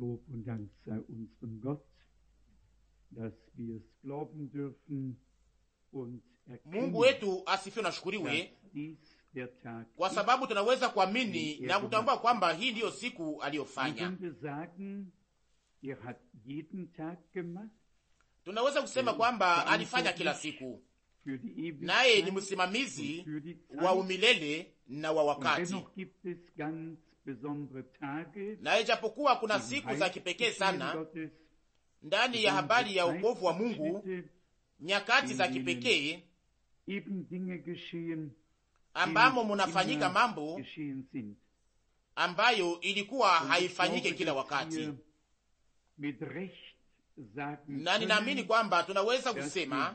Lob und Dank sei unserem Gott, dass wir es glauben dürfen und erkennen, Mungu wetu der Tag kwa sababu tunaweza kuamini er na kutambua kwamba hii ndiyo siku aliyofanya. Er tunaweza kusema kwamba alifanya kila siku, naye ni msimamizi wa umilele na wa wakati. Na ijapokuwa kuna siku za kipekee sana ndani ya habari ya ukovu wa Mungu, nyakati za kipekee ambamo munafanyika mambo ambayo ilikuwa haifanyike kila wakati, na ninaamini kwamba tunaweza kusema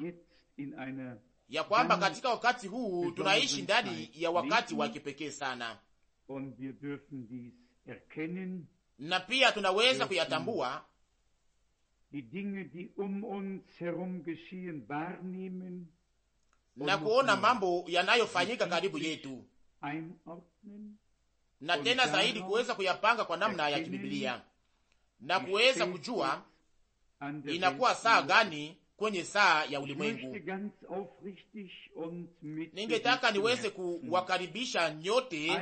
ya kwamba katika wakati huu tunaishi ndani ya wakati wa kipekee sana na pia tunaweza kuyatambua um na kuona mambo yanayofanyika karibu yetu, na tena zaidi kuweza kuyapanga kwa namna ya kibiblia na kuweza kujua inakuwa saa gani kwenye saa ya ulimwengu. Ningetaka niweze kuwakaribisha nyote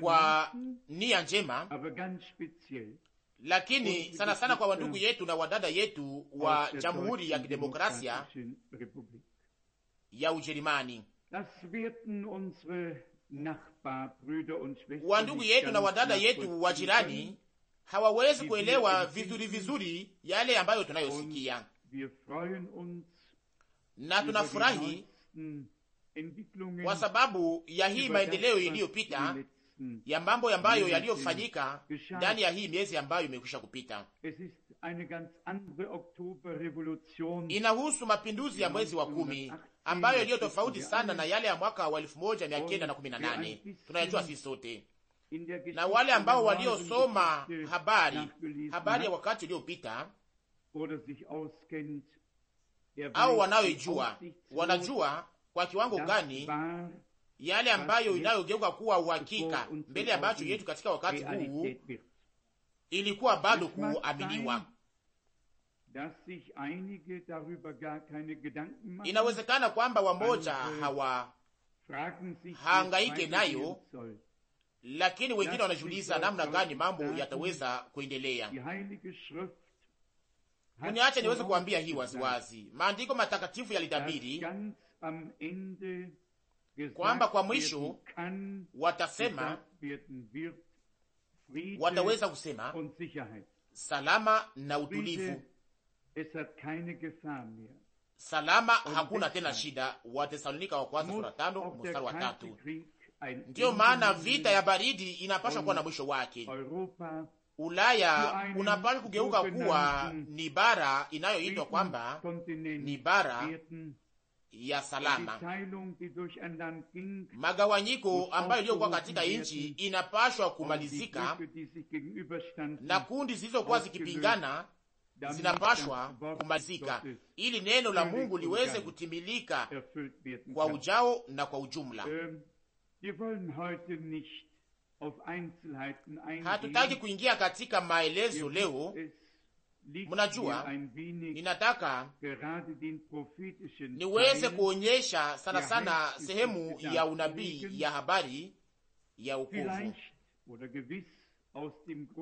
kwa nia njema, lakini sana sana kwa wandugu yetu na wadada yetu wa Jamhuri ya Kidemokrasia ya Ujerumani, wandugu yetu na wadada yetu wa jirani hawawezi kuelewa vizuri vizuri yale ambayo tunayosikia na tunafurahi kwa sababu ya hii maendeleo iliyopita ya mambo ambayo yaliyofanyika ndani ya hii miezi ambayo imekwisha kupita. Inahusu mapinduzi ya mwezi wa kumi ambayo iliyo tofauti sana na yale ya mwaka wa elfu moja mia kenda na kumi na nane tunayajua sisi sote, na wale ambao waliosoma habari habari ya wakati uliopita au wanayoijua wanajua kwa kiwango gani yale ambayo inayogeuka kuwa uhakika mbele ya macho yetu katika wakati huu ilikuwa bado kuaminiwa. Inawezekana kwamba wamoja hawahangaike nayo, lakini wengine wanajiuliza namna gani mambo yataweza kuendelea. Uniache niweze kuambia hii waziwazi, maandiko matakatifu yalitabiri kwamba kwa mwisho watasema, wataweza kusema salama na utulivu, salama, hakuna tena shida. Watesalonika wa kwanza sura tano mstari wa tatu. Ndiyo maana vita ya baridi inapaswa kuwa na mwisho wake Europa, Ulaya unapaswa kugeuka kuwa ni bara inayoitwa kwamba ni bara ya salama. Magawanyiko ambayo iliyokuwa katika nchi inapashwa kumalizika na kundi zilizokuwa zikipingana zinapashwa kumalizika, ili neno la Mungu liweze kutimilika kwa ujao na kwa ujumla. Ähm, Hatutaki kuingia katika maelezo leo. Mnajua, ninataka niweze kuonyesha sana sana sehemu ya unabii ya habari ya ukovu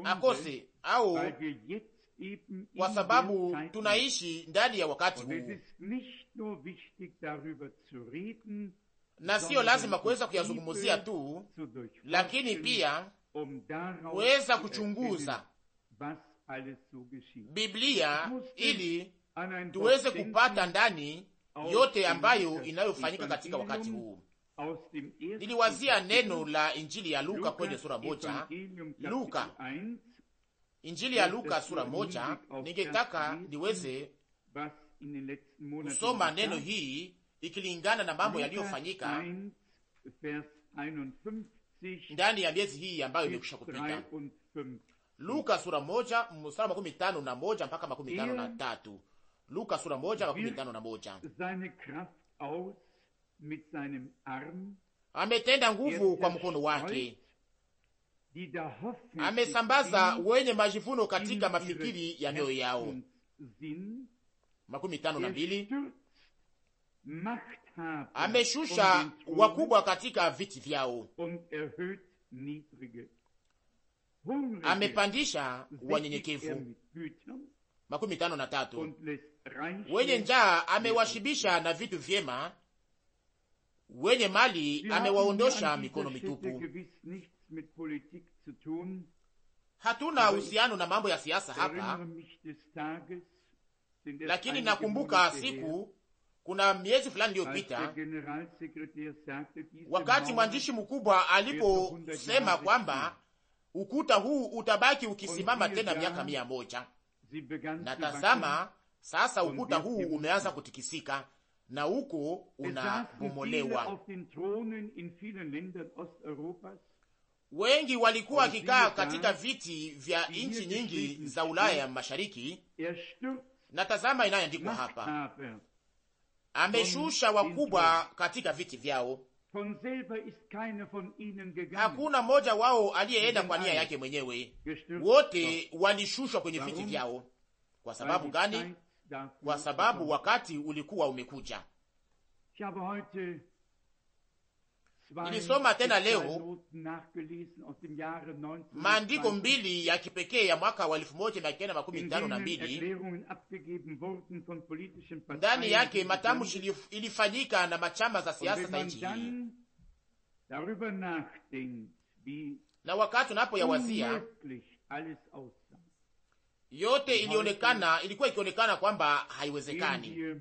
akose au kwa sababu tunaishi ndani ya wakati huu na siyo lazima kuweza kuyazungumuzia tu, lakini pia um kuweza kuchunguza Biblia ili tuweze kupata ndani yote ambayo inayofanyika katika wakati huu. Niliwazia neno la Injili ya Luka kwenye sura moja, Luka, Injili ya Luka sura moja. Ningetaka niweze kusoma neno hii ikilingana na mambo yaliyofanyika ndani ya miezi hii ambayo imekwisha kupita. Luka sura moja mstari makumi tano na moja mpaka makumi tano na er tatu. Luka sura moja makumi tano na moja. Ametenda nguvu er kwa mkono wake, amesambaza wenye majivuno katika mafikiri ya mioyo yao. makumi tano na er mbili ameshusha um wakubwa katika viti vyao, amepandisha wanyenyekevu. Er Makumi tano na tatu, wenye njaa amewashibisha na vitu vyema, wenye mali amewaondosha mikono mitupu. Hatuna uhusiano na mambo ya siasa hapa, lakini nakumbuka siku kuna miezi fulani iliyopita, wakati mwandishi mkubwa aliposema kwamba ukuta huu utabaki ukisimama tena miaka mia moja na tazama sasa ukuta huu umeanza kutikisika na huko unabomolewa. Wengi walikuwa wakikaa katika viti vya nchi nyingi za Ulaya ya Mashariki, na tazama inayoandikwa hapa ameshusha wakubwa katika viti vyao. Hakuna mmoja wao aliyeenda kwa nia yake mwenyewe, wote walishushwa kwenye viti vyao. Kwa sababu gani? Kwa sababu wakati ulikuwa umekuja. Nilisoma tena leo maandiko mbili ya kipekee ya mwaka wa elfu moja kenda makumi tano na mbili ndani yake matamshi ilifanyika na machama za siasa za nchi hii, na wakati unapo wazia yote ilionekana, ilikuwa ikionekana kwamba haiwezekani,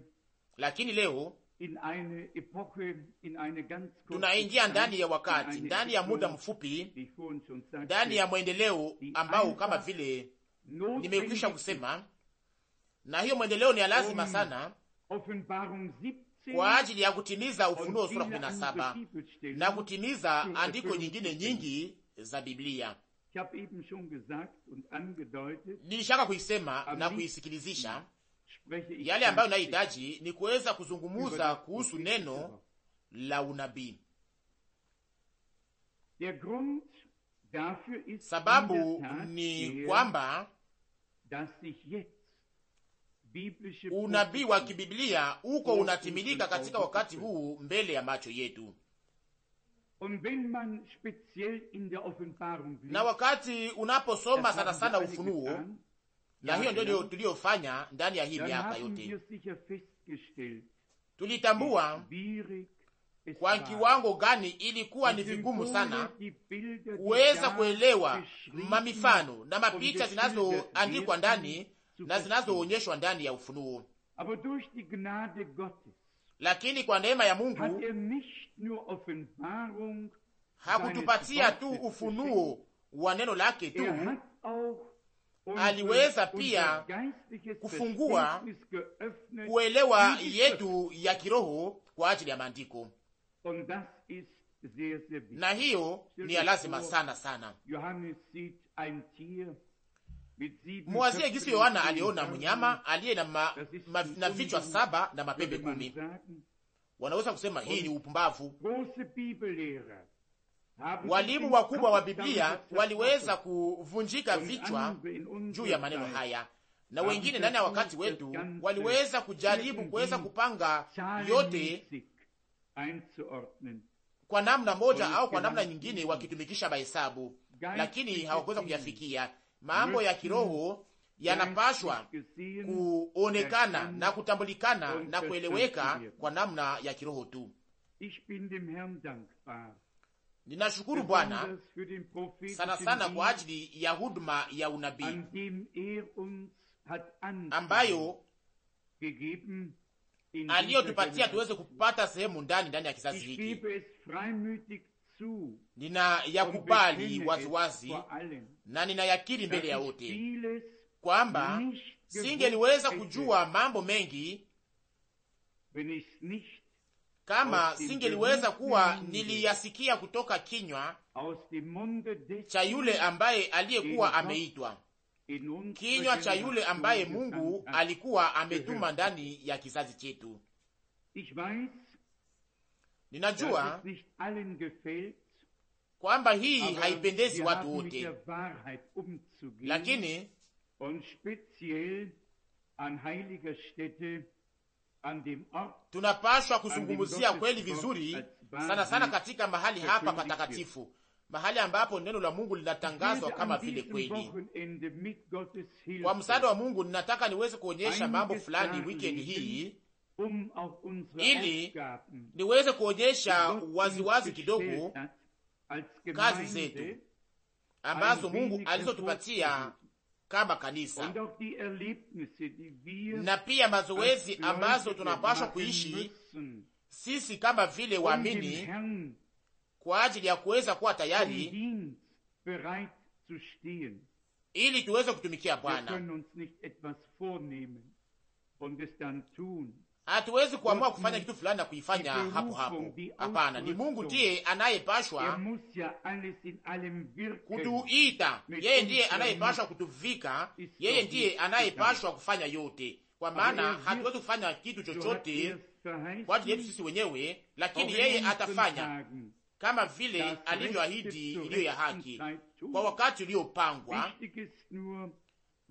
lakini leo tunaingia ndani ya wakati, ndani ya muda mfupi, ndani ya mwendeleo ambao kama vile nimekwisha kusema, na hiyo mwendeleo ni ya lazima um sana kwa ajili ya kutimiza Ufunuo sura 17 na kutimiza andiko nyingine nyingi za Biblia. Nilishaka kuisema na kuisikilizisha yale ambayo nahitaji ni kuweza kuzungumuza kuhusu neno la unabii. Sababu ni kwamba unabii wa kibiblia uko unatimilika katika wakati huu mbele ya macho yetu. Na wakati unaposoma sana sana Ufunuo na hiyo ndio yaani tuliyofanya ndani ya hii yaani miaka yote. Tulitambua kwa kiwango gani ilikuwa ni vigumu sana kuweza kuelewa mamifano na mapicha zinazoandikwa ndani na zinazoonyeshwa ndani ya Ufunuo, lakini kwa neema ya Mungu er hakutupatia tu ufunuo wa neno lake tu er aliweza pia kufungua kuelewa yetu ya kiroho kwa ajili ya maandiko, na hiyo ni ya lazima sana sana. Mwazie gisi Yohana aliona mnyama aliye na, ma, ma, na vichwa saba na mapembe kumi. Wanaweza kusema hii ni upumbavu Walimu wakubwa wa Biblia waliweza kuvunjika vichwa juu ya maneno haya, na wengine ndani ya wakati wetu waliweza kujaribu kuweza kupanga yote kwa namna moja au kwa namna nyingine, wakitumikisha mahesabu, lakini hawakuweza kuyafikia. Mambo ya kiroho yanapashwa kuonekana na kutambulikana na kueleweka kwa namna ya kiroho tu. Ninashukuru Bwana sana sana kwa ajili ya huduma ya unabii um, ambayo aliyotupatia ah, tuweze kupata sehemu ndani ndani ya kizazi hiki. Nina yakubali waziwazi na ninayakiri mbele ya wote kwamba singeliweza kujua mambo mengi kama singeliweza kuwa niliyasikia kutoka kinywa cha yule ambaye aliyekuwa ameitwa, kinywa cha yule ambaye Mungu alikuwa ametuma ndani ya kizazi chetu. Ninajua kwamba hii haipendezi watu wote, lakini Uh, tunapashwa kuzungumzia kweli vizuri sana sana katika mahali hapa patakatifu, mahali ambapo neno la Mungu linatangazwa kama vile kweli. Kwa msaada wa Mungu, ninataka niweze kuonyesha mambo fulani wikendi hii um ili niweze kuonyesha waziwazi kidogo kazi zetu ambazo Mungu alizotupatia kama kanisa, na pia mazoezi ambazo tunapaswa kuishi sisi kama vile um waamini kwa ajili ya kuweza kuwa tayari ili tuweze kutumikia Bwana. Hatuwezi kuamua kufanya kitu fulani na kuifanya hapo hapo. Hapana, ni Mungu ndiye anayepashwa kutuita, yeye ndiye anayepashwa kutuvika, yeye ndiye anayepashwa kufanya yote, kwa maana hatuwezi kufanya kitu chochote kwa ajili yetu sisi wenyewe, lakini yeye atafanya kama vile alivyoahidi iliyo ya haki kwa wakati uliopangwa,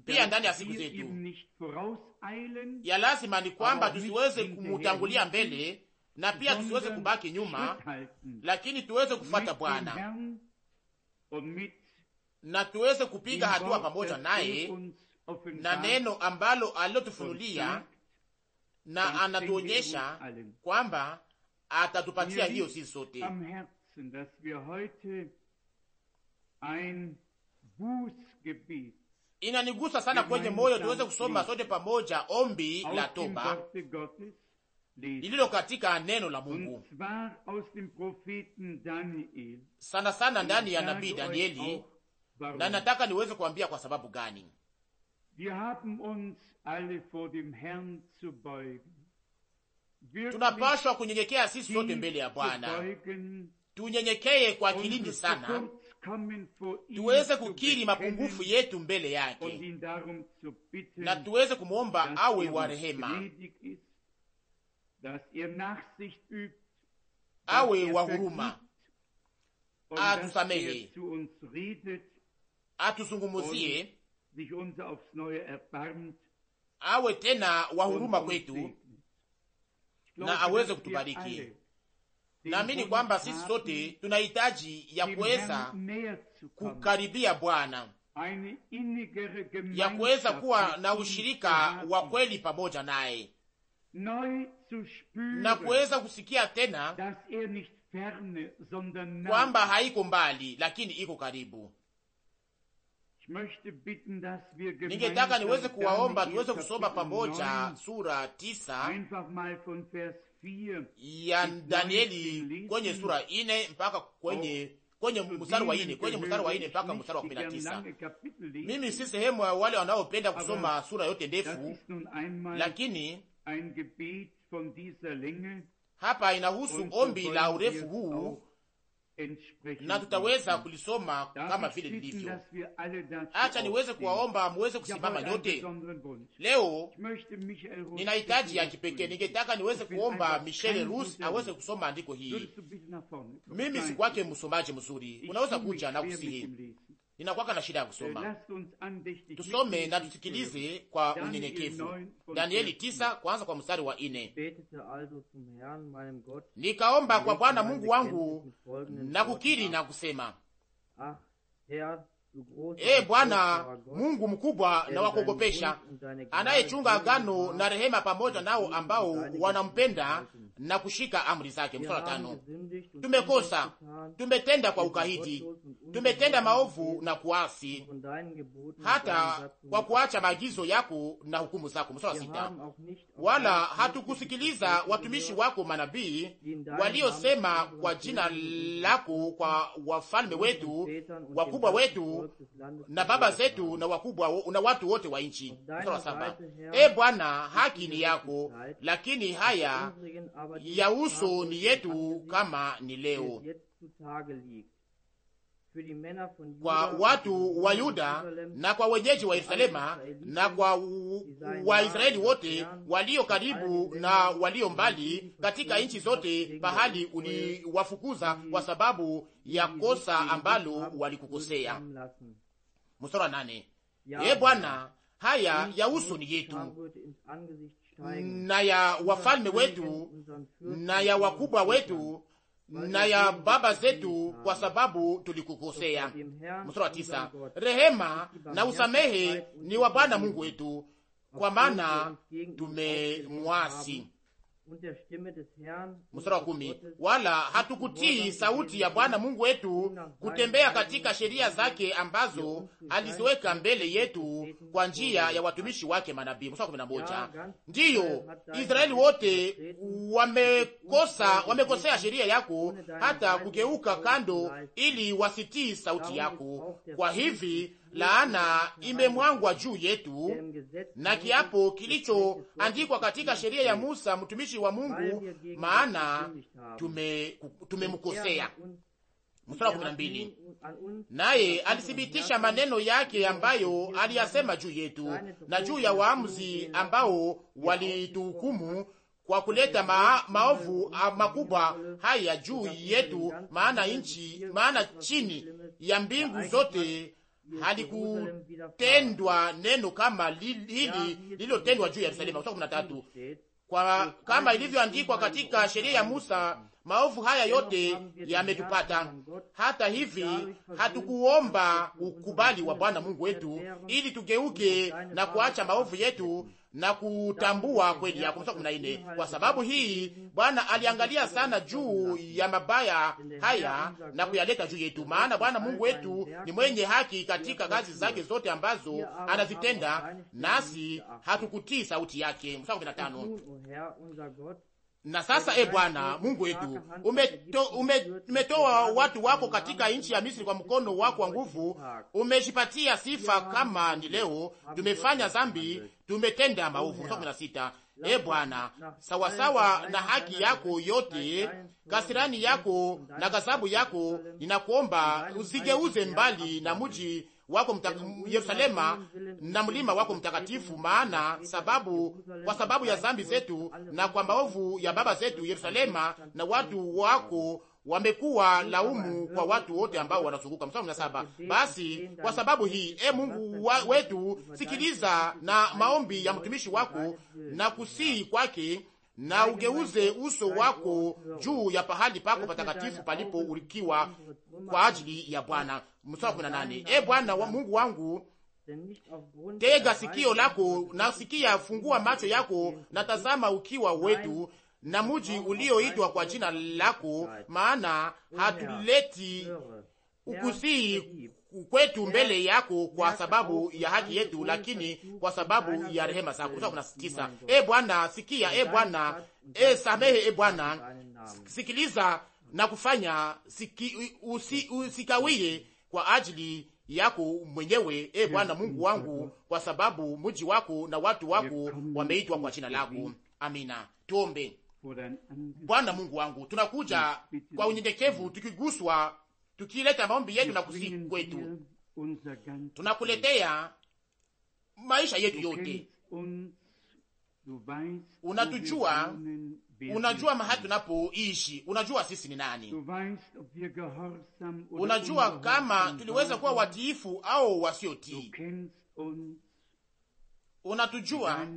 pia ndani ya siku zetu ya lazima ni kwamba tusiweze kumutangulia mbele na pia tusiweze kubaki nyuma, lakini tuweze kufuata Bwana na tuweze kupiga hatua pamoja naye na neno ambalo alilotufunulia na anatuonyesha kwamba atatupatia hiyo sisi sote inanigusa sana kwenye moyo, tuweze kusoma sote pamoja ombi la toba lililo katika neno la Mungu sana sana ndani ya nabii Danieli, na nataka niweze kuambia kwa sababu gani tunapashwa kunyenyekea sisi sote mbele ya Bwana. Tunyenyekeye kwa kilindi sana tuweze kukiri mapungufu yetu mbele yake na tuweze kumwomba awe wa rehema, awe wa huruma, atusamehe, atuzungumuzie, awe tena wa huruma kwetu na aweze kutubariki. Naamini kwamba sisi sote tunahitaji ya kuweza kukaribia Bwana, ya kuweza kuwa na ushirika wa kweli pamoja naye na kuweza kusikia tena er kwamba haiko mbali, lakini iko karibu. Ningetaka niweze kuwaomba tuweze kusoma pamoja sura tisa ya Danieli kwenye sura ine mpaka oh, kwenye kwenye mstari wa ine kwenye mstari wa ine mpaka mstari wa kumi na tisa. Mimi si sehemu ya wale wanaopenda kusoma sura yote ndefu, lakini hapa inahusu ombi la urefu huu na tutaweza kulisoma kama vile lilivyo. Acha niweze kuwaomba muweze kusimama nyote leo. Nina ya kipekee, ningetaka niweze kuomba Michel Rus aweze kusoma andiko hii. Mimi si kwake msomaji mzuri, unaweza kuja na kusihi inakwaka na shida ya kusoma. Äh, Tusome na tusikilize kwa unyenyekevu. Danieli tisa kwanza kwa mstari wa ine. Nikaomba kwa Bwana Mungu wangu na kukiri na kusema: E Bwana Mungu mkubwa na wakuogopesha, anayechunga agano na rehema pamoja nao ambao wanampenda na kushika amri zake. Mstari tano: tumekosa, tumetenda kwa ukahidi, tumetenda maovu na kuasi, hata kwa kuacha maagizo yako na hukumu zako. Mstari sita: wala hatukusikiliza watumishi wako manabii waliosema kwa jina lako kwa wafalme wetu, wakubwa wetu na baba zetu na wakubwa na watu wote wa nchi. E Bwana, haki ni yako, lakini haya ya uso ni yetu kama ni leo kwa watu wa Yuda na kwa wenyeji wa Yerusalema na kwa Waisraeli wote walio karibu na walio mbali katika nchi zote pahali uliwafukuza kwa sababu ya kosa ambalo walikukosea. Mstari wa nane. Ee Bwana, haya ya uso ni yetu na ya wafalme wetu na ya wakubwa wetu na ya baba zetu, kwa sababu tulikukosea. Mstari wa tisa, rehema na usamehe ni wa Bwana Mungu wetu, kwa maana tumemwasi. Mstari wa kumi, wala hatukutii sauti ya Bwana Mungu wetu kutembea katika sheria zake ambazo aliziweka mbele yetu kwa njia ya watumishi wake manabii. Mstari wa kumi na moja, ndiyo Israeli wote wame kosa, wamekosea sheria yako hata kugeuka kando ili wasitii sauti yako. Kwa hivi laana imemwangwa juu yetu na kiapo kilichoandikwa katika sheria ya Musa mtumishi wa Mungu, maana tumemkosea. Mstari mbili, naye alithibitisha maneno yake ambayo aliyasema juu yetu na juu ya waamuzi ambao walituhukumu kwa kuleta ma, maovu ah, makubwa haya juu yetu, maana nchi, maana chini ya mbingu zote halikutendwa neno kama hili lililotendwa juu ya Yerusalemu. kumi na tatu. Kwa kama ilivyoandikwa katika sheria ya Musa, maovu haya yote yametupata. Hata hivi hatukuomba ukubali wa Bwana Mungu wetu ili tugeuke na kuacha maovu yetu na kutambua kweli yako. Mstari wa 14, kwa sababu hii Bwana aliangalia sana juu ya mabaya haya na kuyaleta juu yetu, maana Bwana Mungu wetu ni mwenye haki katika kazi zake zote ambazo anazitenda, nasi hatukutii sauti yake. Mstari wa 15 na sasa, e Bwana Mungu wetu, umetoa ume, watu wako katika nchi ya Misri kwa mkono wako wa nguvu, umejipatia sifa kama ni leo. Tumefanya zambi tumetenda maovu. kumi na sita. E Bwana, sawasawa na haki yako yote, kasirani yako na ghadhabu yako, ninakuomba usigeuze mbali na mji wako mta, Yerusalema na mlima wako mtakatifu, maana sababu kwa sababu ya zambi zetu na kwa maovu ya baba zetu, Yerusalema na watu wako wamekuwa laumu kwa watu wote ambao wanazunguka. Mstari wa saba. Basi kwa sababu hii, e Mungu wa, wetu, sikiliza na maombi ya mtumishi wako na kusihi kwake na ugeuze uso wako juu ya pahali pako patakatifu palipo ulikiwa kwa ajili ya Bwana. Mstari kumi na nane. E Bwana wa Mungu wangu, tega sikio lako na sikia fungua macho yako na tazama ukiwa wetu na muji ulioitwa kwa jina lako, maana hatuleti ukusii kwetu mbele yako kwa sababu ya haki yetu, lakini kwa sababu ya rehema zako. Kuna tisa. E Bwana sikia, e Bwana e samehe, e Bwana sikiliza na kufanya siki, usi, usikawie kwa ajili yako mwenyewe, e Bwana Mungu wangu, kwa sababu mji wako na watu wako wameitwa kwa jina lako. Amina. Tuombe. Bwana Mungu wangu, tunakuja kwa unyenyekevu tukiguswa tukileta maombi yetu na kusii kwetu, tunakuletea maisha yetu yote. Unatujua, unajua mahali tunapoishi, unajua sisi ni nani, unajua kama tuliweza kuwa watiifu au wasiotii, unatujua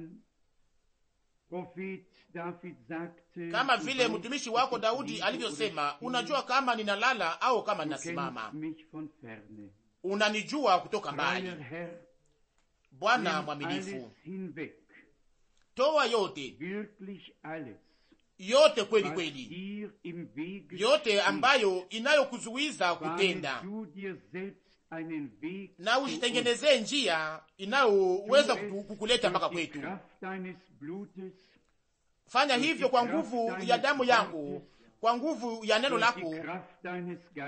kama vile mtumishi wako Daudi alivyosema, unajua kama ninalala au kama ninasimama, unanijua kutoka mbali. Bwana mwaminifu, toa yote yote kweli kweli, yote ambayo inayokuzuiza kutenda, na ujitengenezee njia inayoweza kukuleta mpaka kwetu Fanya hivyo kwa nguvu ya damu yangu, kwa nguvu ya neno lako,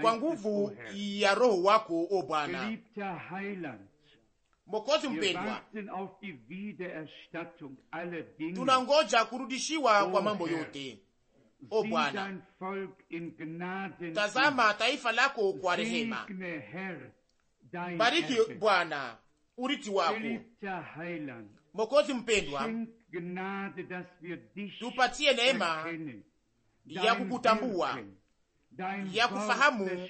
kwa nguvu ya Roho wako, o Bwana Mokozi mpendwa, tunangoja kurudishiwa kwa mambo yote. O Bwana, tazama taifa lako kwa rehema. Bariki Bwana urithi wako. Mokozi mpendwa, tupatie neema ya kukutambua, ya kufahamu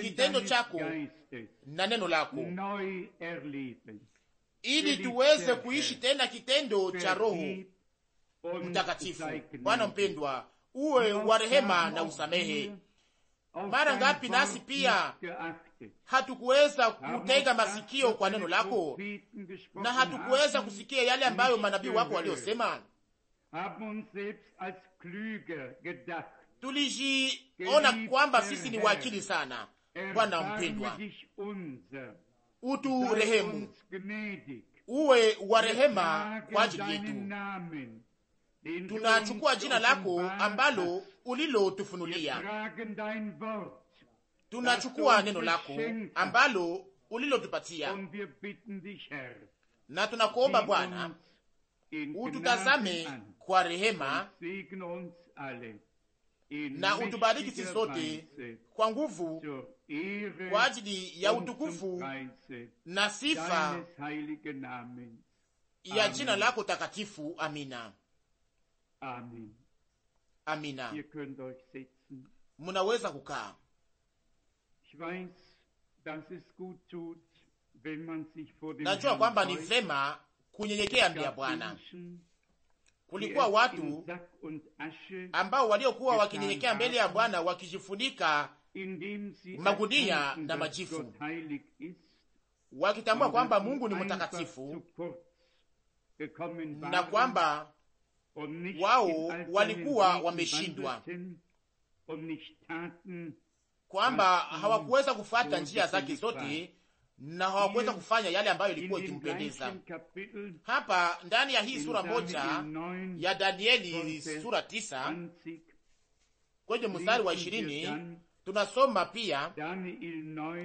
kitendo chako na neno lako, ili tuweze kuishi tena kitendo cha Roho Mtakatifu. Bwana mpendwa, uwe wa er rehema na usamehe. Mara ngapi nasi pia hatukuweza kutega masikio kwa neno lako na hatukuweza kusikia yale ambayo manabii wako waliosema. Tulijiona kwamba sisi ni wakili sana. Bwana mpendwa, uturehemu, uwe wa rehema kwa ajili yetu. Tunachukua jina lako ambalo ulilotufunulia tunachukua neno lako ambalo ulilotupatia na tunakuomba Bwana, ututazame kwa rehema na utubariki sisi sote kwa nguvu kwa ajili ya utukufu na sifa ya jina lako takatifu. Amina, amina. Munaweza kukaa. Najua kwamba ni vema kunyenyekea mbele ya Bwana. Kulikuwa watu ambao waliokuwa wakinyenyekea mbele ya Bwana wakijifunika magunia na majifu, wakitambua um kwamba Mungu ni mtakatifu na kwamba wao walikuwa wameshindwa kwamba hawakuweza kufuata njia zake zote na hawakuweza kufanya yale ambayo ilikuwa ikimpendeza. Hapa ndani ya hii sura moja ya Danieli sura tisa kwenye mstari wa ishirini tunasoma pia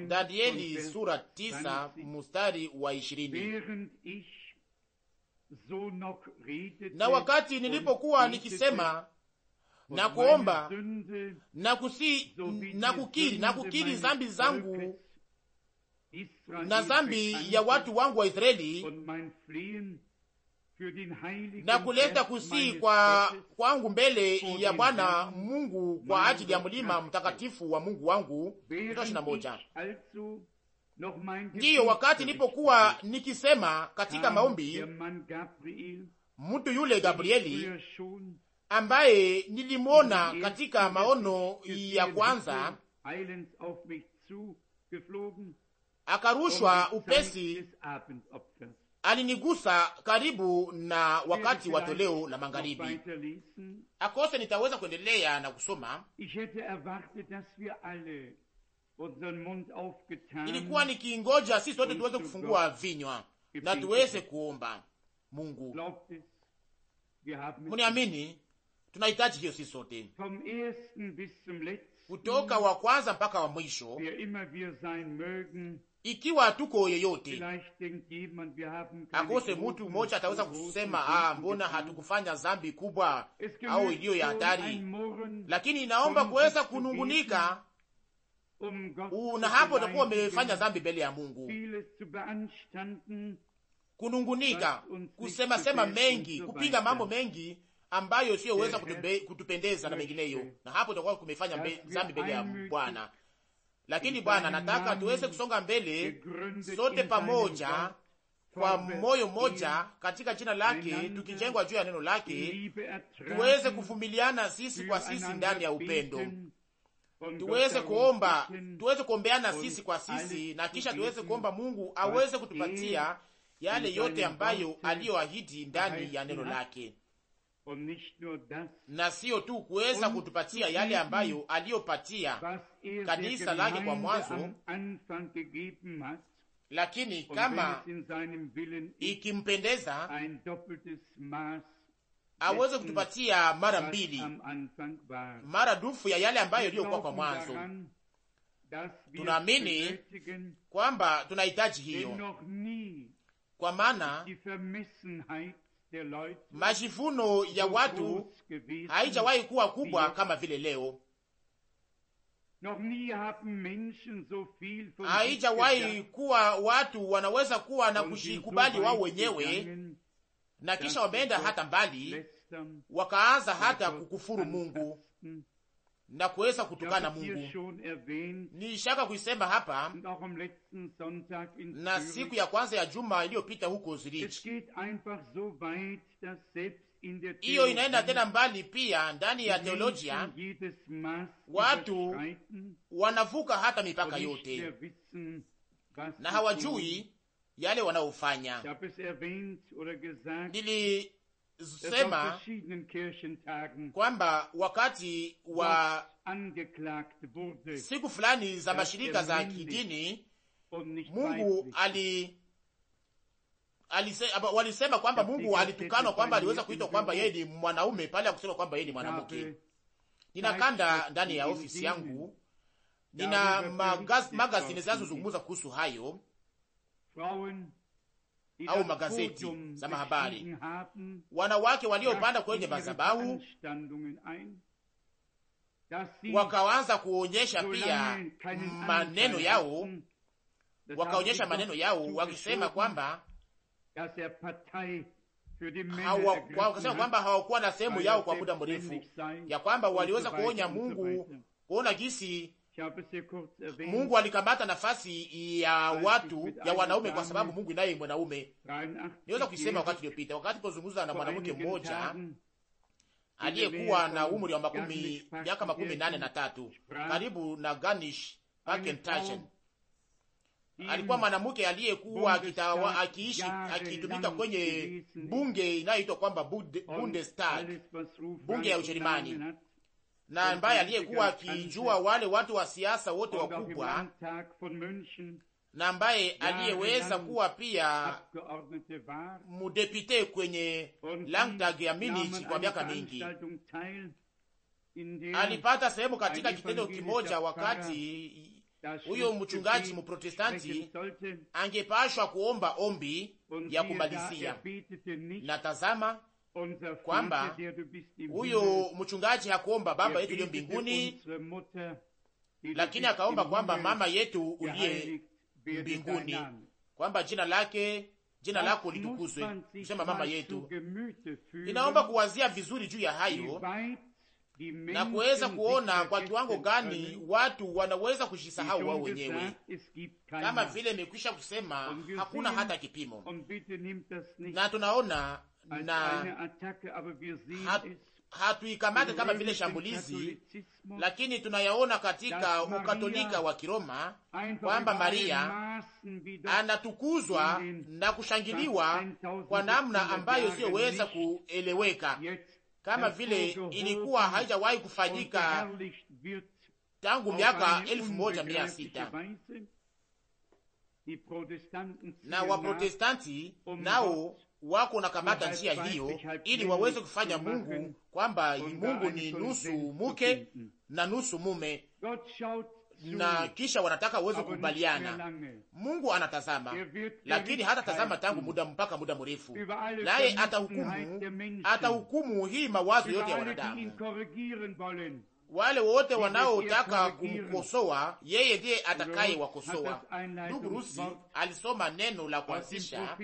Danieli sura tisa mstari wa ishirini na wakati nilipokuwa nikisema na kuomba na kusi na kukiri na kukiri zambi zangu na zambi ya watu wangu wa Israeli na kuleta kusii kwa kwangu mbele ya Bwana Mungu kwa ajili ya mlima mtakatifu wa Mungu wangu. Ndiyo wakati nilipokuwa nikisema katika maombi, mtu yule Gabrieli ambaye nilimwona katika maono ya kwanza akarushwa um upesi, alinigusa karibu na wakati wa toleo la magharibi. Akose nitaweza kuendelea na kusoma. Ilikuwa nikiingoja sisi sote tuweze kufungua vinywa na tuweze kuomba Mungu. Mniamini, Tunahitaji hiyo sisi sote, kutoka wa kwanza mpaka wa mwisho, ikiwa tuko yeyote. Akose mtu mmoja ataweza kusema ah, mbona hatukufanya zambi kubwa au iliyo ya hatari, lakini inaomba kuweza kunungunika um na hapo utakuwa umefanya dhambi mbele ya Mungu, kunungunika, kusema sema mengi, kupinga mambo mengi ambayo siyoweza kutupendeza na mengineyo, na hapo tutakuwa kumefanya dhambi mbele ya Bwana. Lakini Bwana, nataka tuweze kusonga mbele sote pamoja kwa moyo mmoja katika jina lake, tukijengwa juu ya neno lake, tuweze kuvumiliana sisi kwa sisi ndani ya upendo, tuweze kuomba, tuweze kuombeana sisi kwa sisi, na kisha tuweze kuomba Mungu aweze kutupatia yale yote ambayo aliyoahidi ndani ya neno lake na siyo tu kuweza kutupatia yale ambayo aliyopatia kanisa lake kwa mwanzo, lakini kama ikimpendeza aweze kutupatia mara mbili, mara dufu ya yale ambayo iliyokuwa kwa mwanzo. Tunaamini kwamba tunahitaji hiyo, kwa maana majivuno ya watu haijawahi kuwa kubwa kama vile leo, haijawahi kuwa watu wanaweza kuwa na kushikubali wao wenyewe, na kisha wameenda hata mbali wakaanza hata kukufuru Mungu na kuweza kutukana Mungu. Ni shaka kuisema hapa na siku ya kwanza ya juma iliyopita huko Zurich. Hiyo inaenda tena mbali pia ndani ya teolojia, watu wanavuka hata mipaka yote na hawajui yale wanaofanya. Nili sema kwamba wakati wa siku fulani za mashirika za kidini Mungu ali walisema kwamba Mungu alitukanwa kwamba aliweza kuitwa kwamba yeye ni mwanaume pale ya kusema kwamba yeye ni mwanamke. Nina kanda ndani ya ofisi yangu, nina magazini zinazozungumza kuhusu hayo au magazeti za mahabari, wanawake waliopanda kwenye mazabahu wakaanza kuonyesha pia maneno yao, wakaonyesha maneno yao wakisema kwamba wakasema kwamba hawakuwa na sehemu yao kwa muda mrefu, ya kwamba waliweza kuonya Mungu kuona gisi Euh, Mungu alikamata nafasi ya watu ya wanaume, kwa sababu Mungu naye mwanaume. Niweza kuisema wakati uliopita, wakati pozunguza na mwanamke mmoja aliyekuwa na umri wa makumi miaka makumi nane na tatu karibu na Ganish Pakentagen. Alikuwa mwanamke aliyekuwa akiishi akitumika kwenye bunge inayoitwa kwamba Bundestag, bunge ya Ujerumani na ambaye aliyekuwa akijua wale watu wa siasa wote wakubwa na ambaye aliyeweza kuwa pia mudepute kwenye Landtag ya Munich kwa miaka mingi. Alipata sehemu katika kitendo kimoja wakati huyo mchungaji mprotestanti angepashwa kuomba ombi ya kumalizia, er na tazama kwamba huyu mchungaji hakuomba baba yetu uliyo mbinguni, lakini akaomba kwamba mama yetu uliye mbinguni, kwamba jina lake jina lako litukuzwe. Kusema mama yetu, inaomba kuwazia vizuri juu ya hayo na kuweza kuona kwa kiwango gani watu wanaweza kujisahau wao wenyewe, kama vile imekwisha kusema, hakuna hata kipimo, na tunaona na hatuikamate kama vile shambulizi, lakini tunayaona katika ukatolika wa Kiroma kwamba Maria anatukuzwa na kushangiliwa kwa namna ambayo siyoweza kueleweka kama vile ilikuwa haijawahi kufanyika tangu miaka elfu moja mia sita na Waprotestanti um nao wako nakamata njia hiyo, ili waweze kufanya Mungu kwamba Mungu ni nusu muke na nusu mume, na kisha wanataka waweze kukubaliana. Mungu anatazama, lakini hata tazama tangu muda mpaka muda mrefu, naye atahukumu, atahukumu hii mawazo yote ya wanadamu wale wote wanaotaka kumkosoa yeye ndiye atakaye wakosoa. Ndugu Rusi alisoma neno la kuanzisha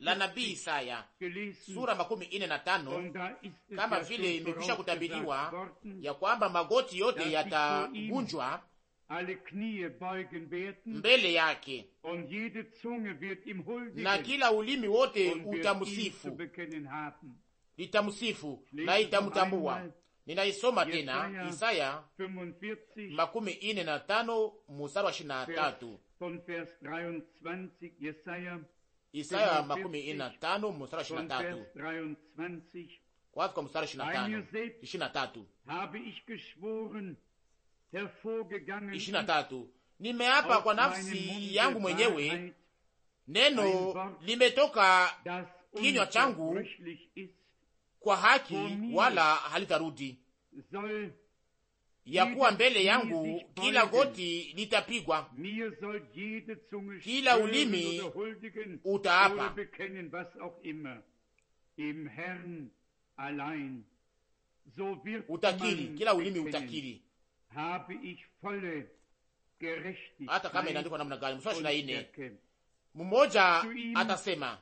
la nabii Isaya sura makumi ine na tano kama vile imekwisha kutabiriwa ya kwamba magoti yote yatagunjwa mbele yake na kila ulimi wote utamsifu, itamsifu na itamtambua Ninaisoma tena Isaya makumi ine na tano musara wa ishirini na tatu Isaya makumi ine na tano musara wa ishirini na tatu kwanza kwa mstari ishirini na tano ishirini na tatu ishirini na tatu nimeapa kwa nafsi yangu mwenyewe, neno limetoka kinywa changu kwa haki wala halitarudi, ya kuwa mbele yangu kila goti litapigwa, kila ulimi utaapa utakiri, kila ulimi utakiri, hata kama inaandikwa namna gani. Mstari ishirini na nne mmoja atasema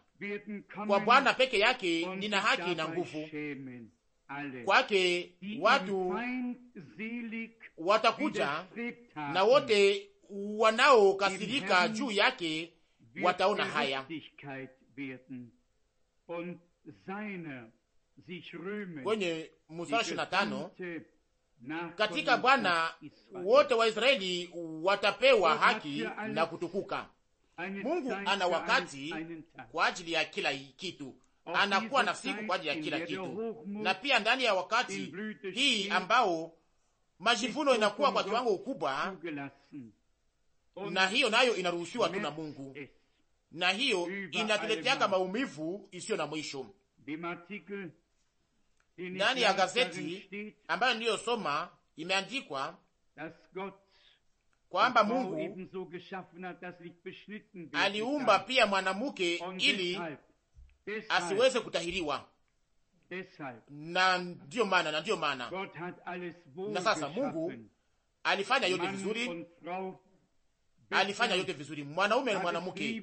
kwa Bwana peke yake nina haki na nguvu, kwake watu watakuja na wote wanaokasirika juu yake wataona haya kwenye mstari ishirini na tano katika Bwana wote Waisraeli watapewa haki na kutukuka. Mungu ana wakati kwa ajili ya kila kitu, anakuwa na siku kwa ajili ya kila kitu, na pia ndani ya wakati hii ambao majivuno inakuwa kwa kiwango kikubwa, na hiyo nayo inaruhusiwa tu na Mungu, na hiyo inatuleteaka maumivu isiyo na mwisho. Ndani ya gazeti ambayo niliyosoma imeandikwa kwamba Mungu aliumba pia mwanamke ili asiweze kutahiriwa, na ndiyo maana na ndiyo maana na sasa Mungu alifanya yote vizuri, alifanya yote vizuri, mwanaume na mwanamke.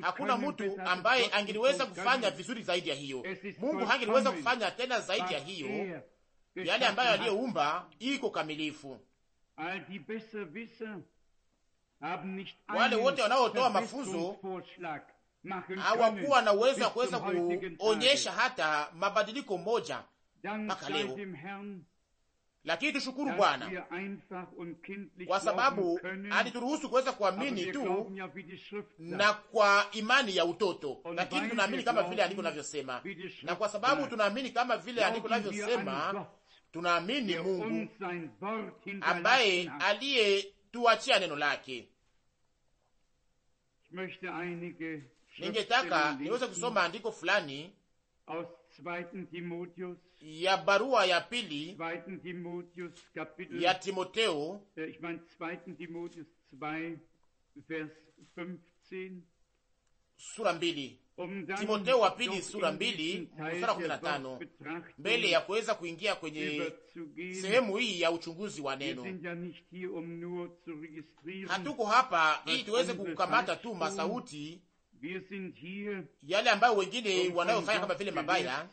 Hakuna mtu ambaye angeliweza kufanya vizuri zaidi ya hiyo. Mungu hangeliweza kufanya tena zaidi ya hiyo. Er Yale ambayo aliyoumba iko kamilifu. Wale wote wanaotoa mafunzo hawakuwa na uwezo wa kuweza kuonyesha hata mabadiliko moja mpaka leo, lakini tushukuru Bwana kwa sababu alituruhusu kuweza kuamini tu na kwa imani ya utoto, lakini tunaamini kama vile andiko linavyosema, na kwa sababu tunaamini kama vile andiko linavyosema tunaamini Mungu ambaye aliyetuachia neno lake. Ningetaka niweze kusoma andiko fulani ya barua ya pili ya Timoteo, äh, ich mein, sura mbili Timoteo wa pili sura mbili sura kumi na tano mbele ya kuweza kuingia kwenye sehemu hii ya uchunguzi wa neno. Hatuko hapa ili tuweze kukamata tu masauti yale ambayo wengine um wanayofanya kama vile mabaya,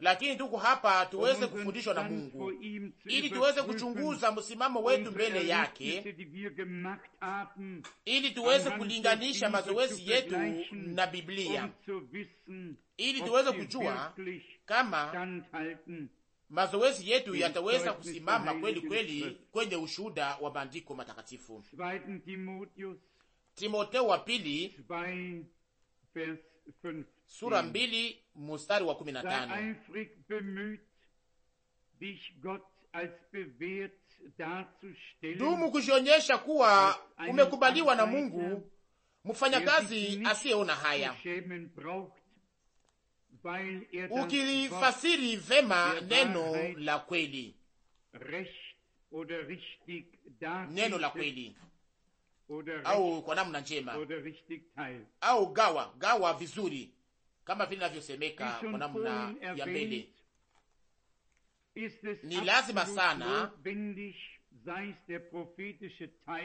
lakini tuko hapa tuweze um kufundishwa na Mungu ili tuweze kuchunguza msimamo wetu mbele yake, ili tuweze kulinganisha mazoezi yetu na Biblia, um ili tuweze kujua kama mazoezi yetu yataweza kusimama kweli kweli kwenye ushuhuda wa maandiko matakatifu. Timoteo wa pili sura mbili mustari wa kumi na tano. Dumu kujionyesha kuwa umekubaliwa na Mungu, mfanyakazi asiyeona haya, er ukilifasiri vema neno la kweli, neno la kweli au kwa namna njema au gawa gawa vizuri, kama vile inavyosemeka kwa namna ya mbele. Ni lazima sana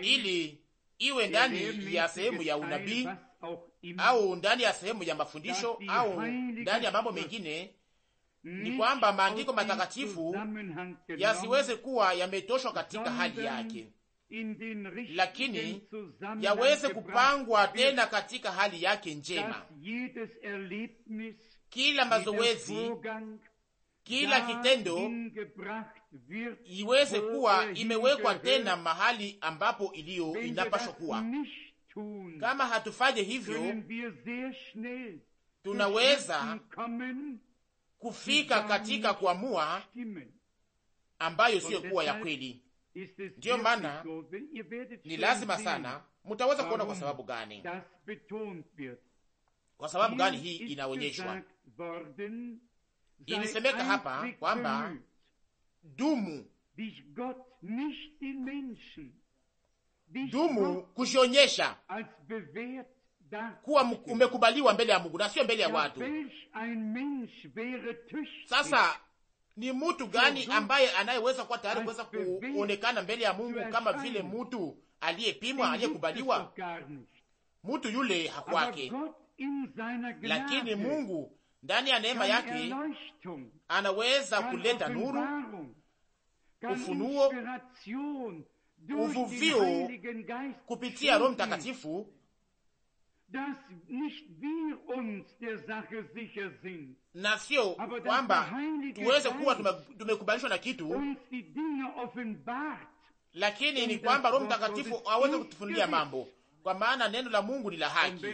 ili iwe ndani ya sehemu ya unabii au ndani ya sehemu ya mafundisho au ndani ya mambo mengine, ni kwamba maandiko matakatifu yasiweze kuwa yametoshwa katika hali yake lakini yaweze kupangwa tena katika hali yake njema. Kila mazoezi, kila kitendo iweze kuwa er imewekwa tena mahali ambapo iliyo inapaswa kuwa. Kama hatufanye hivyo, tunaweza kufika katika kuamua ambayo siyo kuwa ya kweli Ndiyo maana ni lazima sana, mutaweza kuona kwa sababu gani, kwa sababu gani hii inaonyeshwa, ilisemeka hapa kwamba dumu dumu kujionyesha kuwa umekubaliwa mbele ya Mungu na sio mbele ya watu. Sasa ni mtu gani ambaye anayeweza kuwa tayari kuweza kuonekana mbele ya Mungu kama vile mtu aliyepimwa, aliyekubaliwa? Mtu yule hakwake, lakini Mungu ndani ya neema yake anaweza kuleta nuru, ufunuo, uvuvio kupitia Roho Mtakatifu na sio kwamba tuweze kuwa tumekubalishwa na kitu, lakini ni kwamba Roho Mtakatifu aweze kutufunulia mambo, kwa maana neno la Mungu ni la haki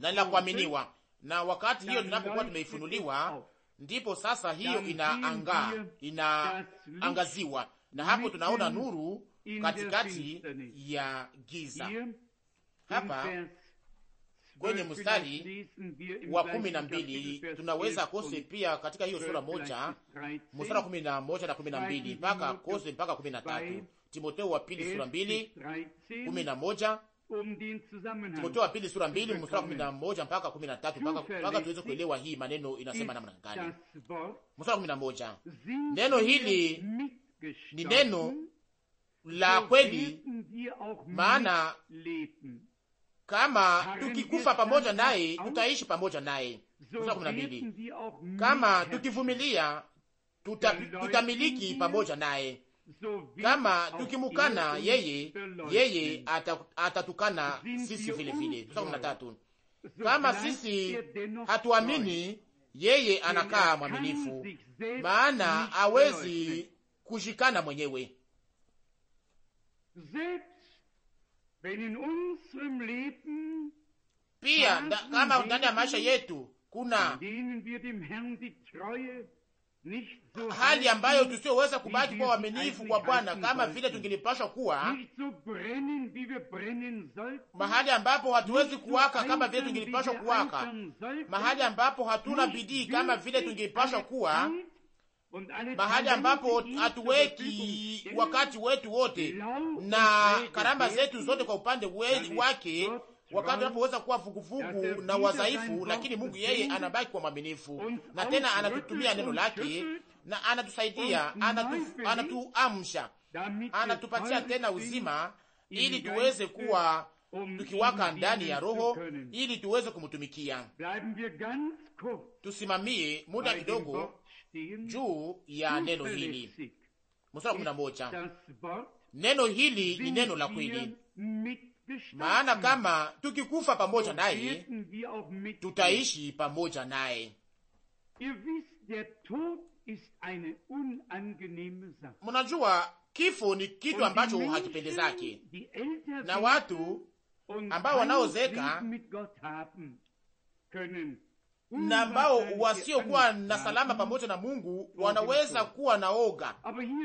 na la kuaminiwa, na wakati hiyo tunapokuwa tumeifunuliwa, ndipo sasa hiyo inaangaa inaangaziwa, na hapo tunaona nuru katikati ya giza. Hapa kwenye mstari wa kumi na mbili tunaweza kose pia katika hiyo sura moja mstari wa kumi na moja na kumi na mbili mpaka kose mpaka kumi na tatu Timoteo um wa pili sura mbili kumi na moja Timoteo wa pili sura mbili mstari wa kumi na moja mpaka kumi na tatu mpaka tuweze kuelewa hii maneno inasema namna gani. Mstari wa kumi na moja neno hili ni neno la kweli, maana kama tukikufa pamoja naye, tutaishi pamoja naye. Kama tukivumilia, tuta, tutamiliki pamoja naye. Kama tukimukana yeye, yeye atatukana sisi vile vile. Kama sisi hatuamini, yeye anakaa er mwaminifu, maana hawezi kushikana mwenyewe. Pia da, kama ndani ya maisha yetu kuna hali ambayo tusioweza kubaki kuwa waaminifu kwa Bwana kama vile tungelipashwa kuwa, mahali ambapo hatuwezi kuwaka kama vile tungelipashwa kuwaka, mahali ambapo hatuna bidii kama vile tungelipashwa kuwa, mahali ambapo hatuweki wakati wetu wote na karamba zetu zote kwa upande wake, wakati tunapoweza kuwa vuguvugu er na wazaifu lakini Mungu yeye anabaki kwa mwaminifu, na tena anatutumia neno lake na anatusaidia, anatuamsha, anatupatia tena uzima, ili tuweze kuwa um tukiwaka ndani ya Roho, ili tuweze kumtumikia. Tusimamie muda kidogo juu ya neno hili. Mstari kumi na moja, neno hili ni neno la kweli, maana kama tukikufa pamoja naye tutaishi pamoja naye. Mnajua kifo ni kitu ambacho hakipendezake, na watu ambao wanaozeka Mm, na ambao wasiokuwa mm, na mm, salama pamoja na Mungu wanaweza kuwa na oga,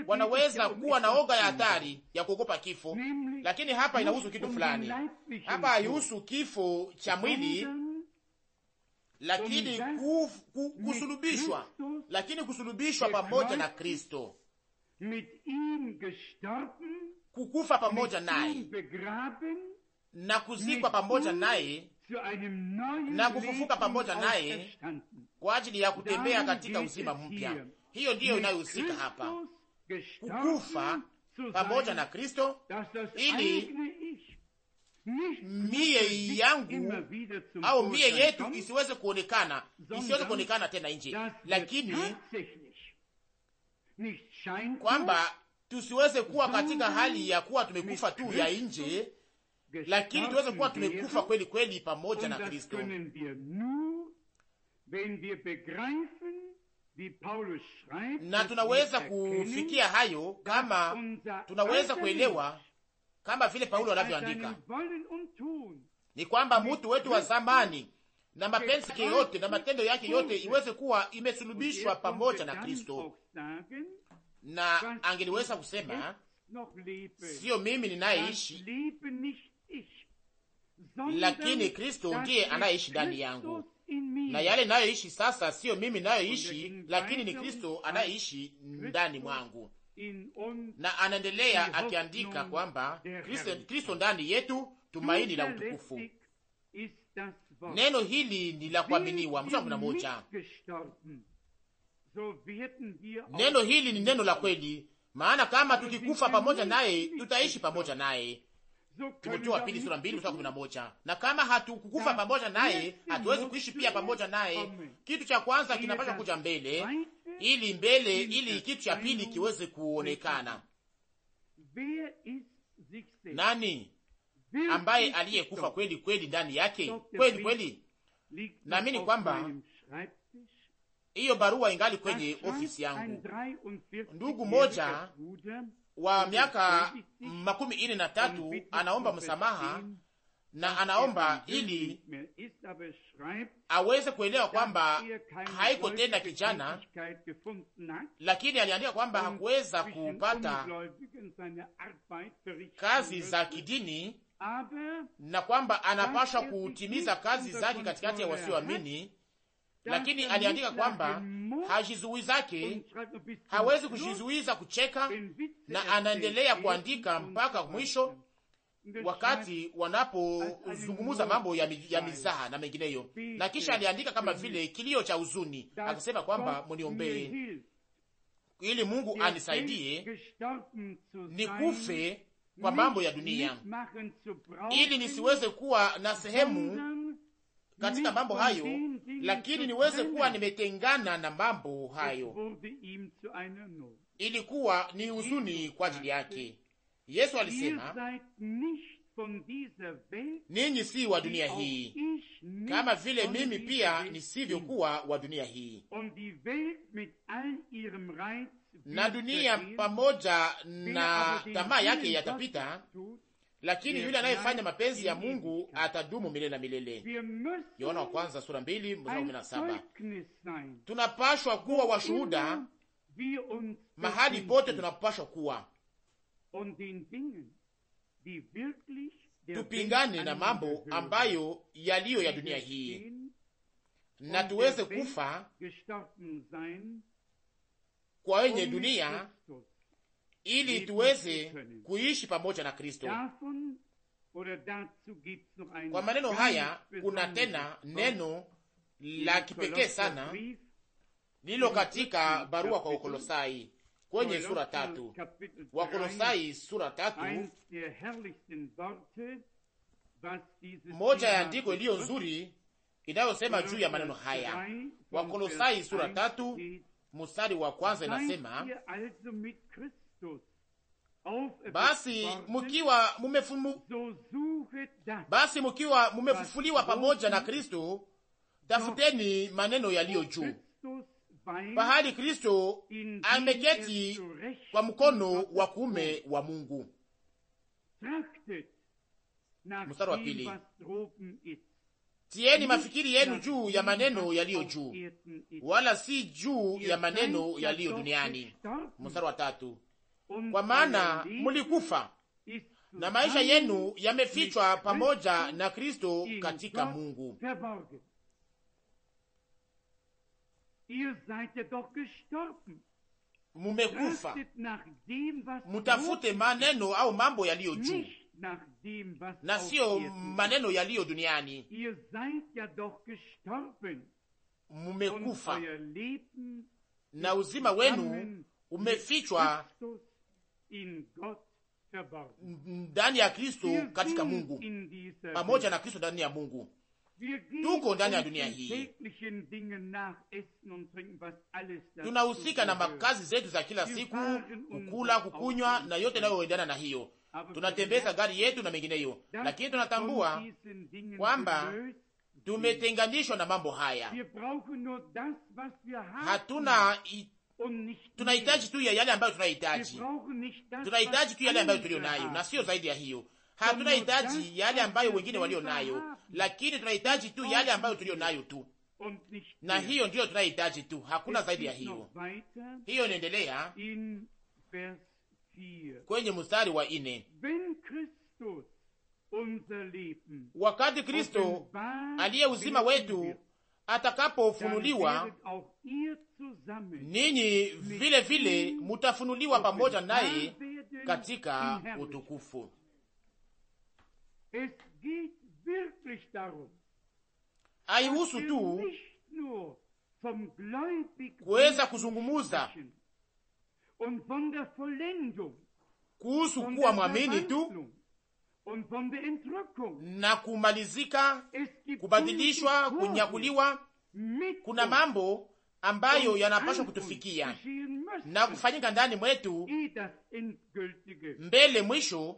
wanaweza kuwa na oga ya hatari ya kuogopa kifo. Lakini hapa inahusu kitu fulani, hapa haihusu kifo cha mwili, lakini ku, ku, kusulubishwa, lakini kusulubishwa pamoja na Kristo, kukufa pamoja naye na kuzikwa pamoja naye na kufufuka pamoja naye kwa ajili ya kutembea katika uzima mpya. Hiyo ndiyo inayohusika hapa, kukufa pamoja na Kristo ili mie yangu au mie yetu isiweze kuonekana, isiweze kuonekana tena nje, lakini kwamba tusiweze kuwa katika hali ya kuwa tumekufa tu ya nje lakini tuweze kuwa tumekufa kweli kweli pamoja na Kristo. Na tunaweza kufikia hayo kama tunaweza kuelewa kama vile Paulo anavyoandika ni kwamba mtu wetu wa zamani na mapenzi yake yote na matendo yake yote iweze kuwa er imesulubishwa pamoja na Kristo. Na angeliweza kusema siyo mimi ninayeishi, lakini Kristo ndiye anayeishi ndani yangu, na yale nayoishi sasa siyo mimi nayoishi, lakini ni Kristo anayeishi ndani mwangu. Na anaendelea akiandika kwamba Kristo, Kristo ndani yetu, tumaini la utukufu. Neno hili ni la kuaminiwa. Mstari moja, neno hili ni neno la kweli, maana kama tukikufa pamoja naye tutaishi pamoja naye Timotheo wa pili sura mbili mstari kumi na moja. Na kama hatukukufa pamoja naye, hatuwezi kuishi pia pamoja naye. Kitu cha kwanza kinapaswa kuja mbele, ili mbele, ili kitu cha pili kiweze kuonekana. Nani ambaye aliyekufa kweli kweli ndani yake? Kweli kweli, naamini kwamba hiyo barua ingali kwenye ofisi yangu. Ndugu moja wa miaka makumi ine na tatu anaomba msamaha na anaomba ili aweze kuelewa kwamba haiko tena kijana, lakini aliandika kwamba hakuweza kupata kazi za kidini na kwamba anapasha kutimiza kazi zake katikati ya wasioamini, lakini aliandika kwamba hajizuii zake, hawezi kujizuiza kucheka, na anaendelea kuandika mpaka mwisho, wakati wanapozungumza mambo ya, ya mizaha na mengineyo. Na kisha aliandika kama vile kilio cha huzuni, akasema kwamba muniombee ili Mungu anisaidie nikufe kwa mambo ya dunia, ili nisiweze kuwa na sehemu katika mambo hayo, lakini niweze kuwa nimetengana na mambo hayo. Ilikuwa ni huzuni kwa ajili yake. Yesu alisema, ninyi si wa dunia hii, kama vile mimi pia nisivyokuwa wa dunia hii. Na dunia pamoja na tamaa yake yatapita, lakini yule anayefanya mapenzi ya Mungu atadumu milele na milele. Yohana wa kwanza sura mbili mstari kumi na saba. Tunapashwa kuwa washuhuda mahali pote, tunapashwa kuwa tupingane na mambo ambayo yaliyo ya dunia hii na tuweze kufa kwa wenye dunia ili tuweze kuishi pamoja na Kristo. Kwa maneno haya kuna tena neno la kipekee sana lilo katika barua kwa ukolosai kwenye sura tatu. Wakolosai sura tatu, moja ya andiko iliyo nzuri inayosema juu ya maneno haya. Wakolosai sura tatu mstari wa kwanza inasema basi mkiwa mumefumu, basi mkiwa mumefufuliwa pamoja na Kristo, tafuteni maneno yaliyo juu pahali Kristo ameketi kwa mkono wa kuume wa Mungu. Mstari wa pili, tieni mafikiri yenu juu ya maneno yaliyo juu, wala si juu ya maneno yaliyo duniani. Mstari wa tatu, kwa maana mulikufa na maisha yenu yamefichwa pamoja na Kristo katika Mungu. Mumekufa, mutafute maneno au mambo yaliyo juu na sio maneno yaliyo duniani. Mumekufa na uzima wenu umefichwa ndani ya Kristo katika Mungu, uh, pamoja na Kristo ndani ya Mungu. Tuko ndani ya dunia hii, tunahusika na makazi zetu za kila siku, kukula, kukunywa na yote inayoendana na hiyo. Tunatembeza gari yetu na mengineyo, lakini tunatambua kwamba tumetenganishwa na mambo haya. Hatuna Tunahitaji tu ya yale ambayo tunahitaji, tunahitaji tu yale ambayo tulio nayo na sio zaidi ya hiyo. Hatunahitaji yale ambayo wengine walio nayo, lakini tunahitaji tu yale ambayo tulio nayo tu, na hiyo ndiyo tunahitaji tu, hakuna zaidi ya hiyo. Hiyo inaendelea kwenye mstari wa ine wakati Kristo aliye uzima wetu atakapofunuliwa, ninyi vile vile mutafunuliwa pamoja naye katika utukufu. Haihusu tu kuweza kuzungumuza kuhusu kuwa mwamini tu na kumalizika, kubadilishwa, kunyakuliwa. Kuna mambo ambayo yanapaswa kutufikia na kufanyika ndani mwetu mbele mwisho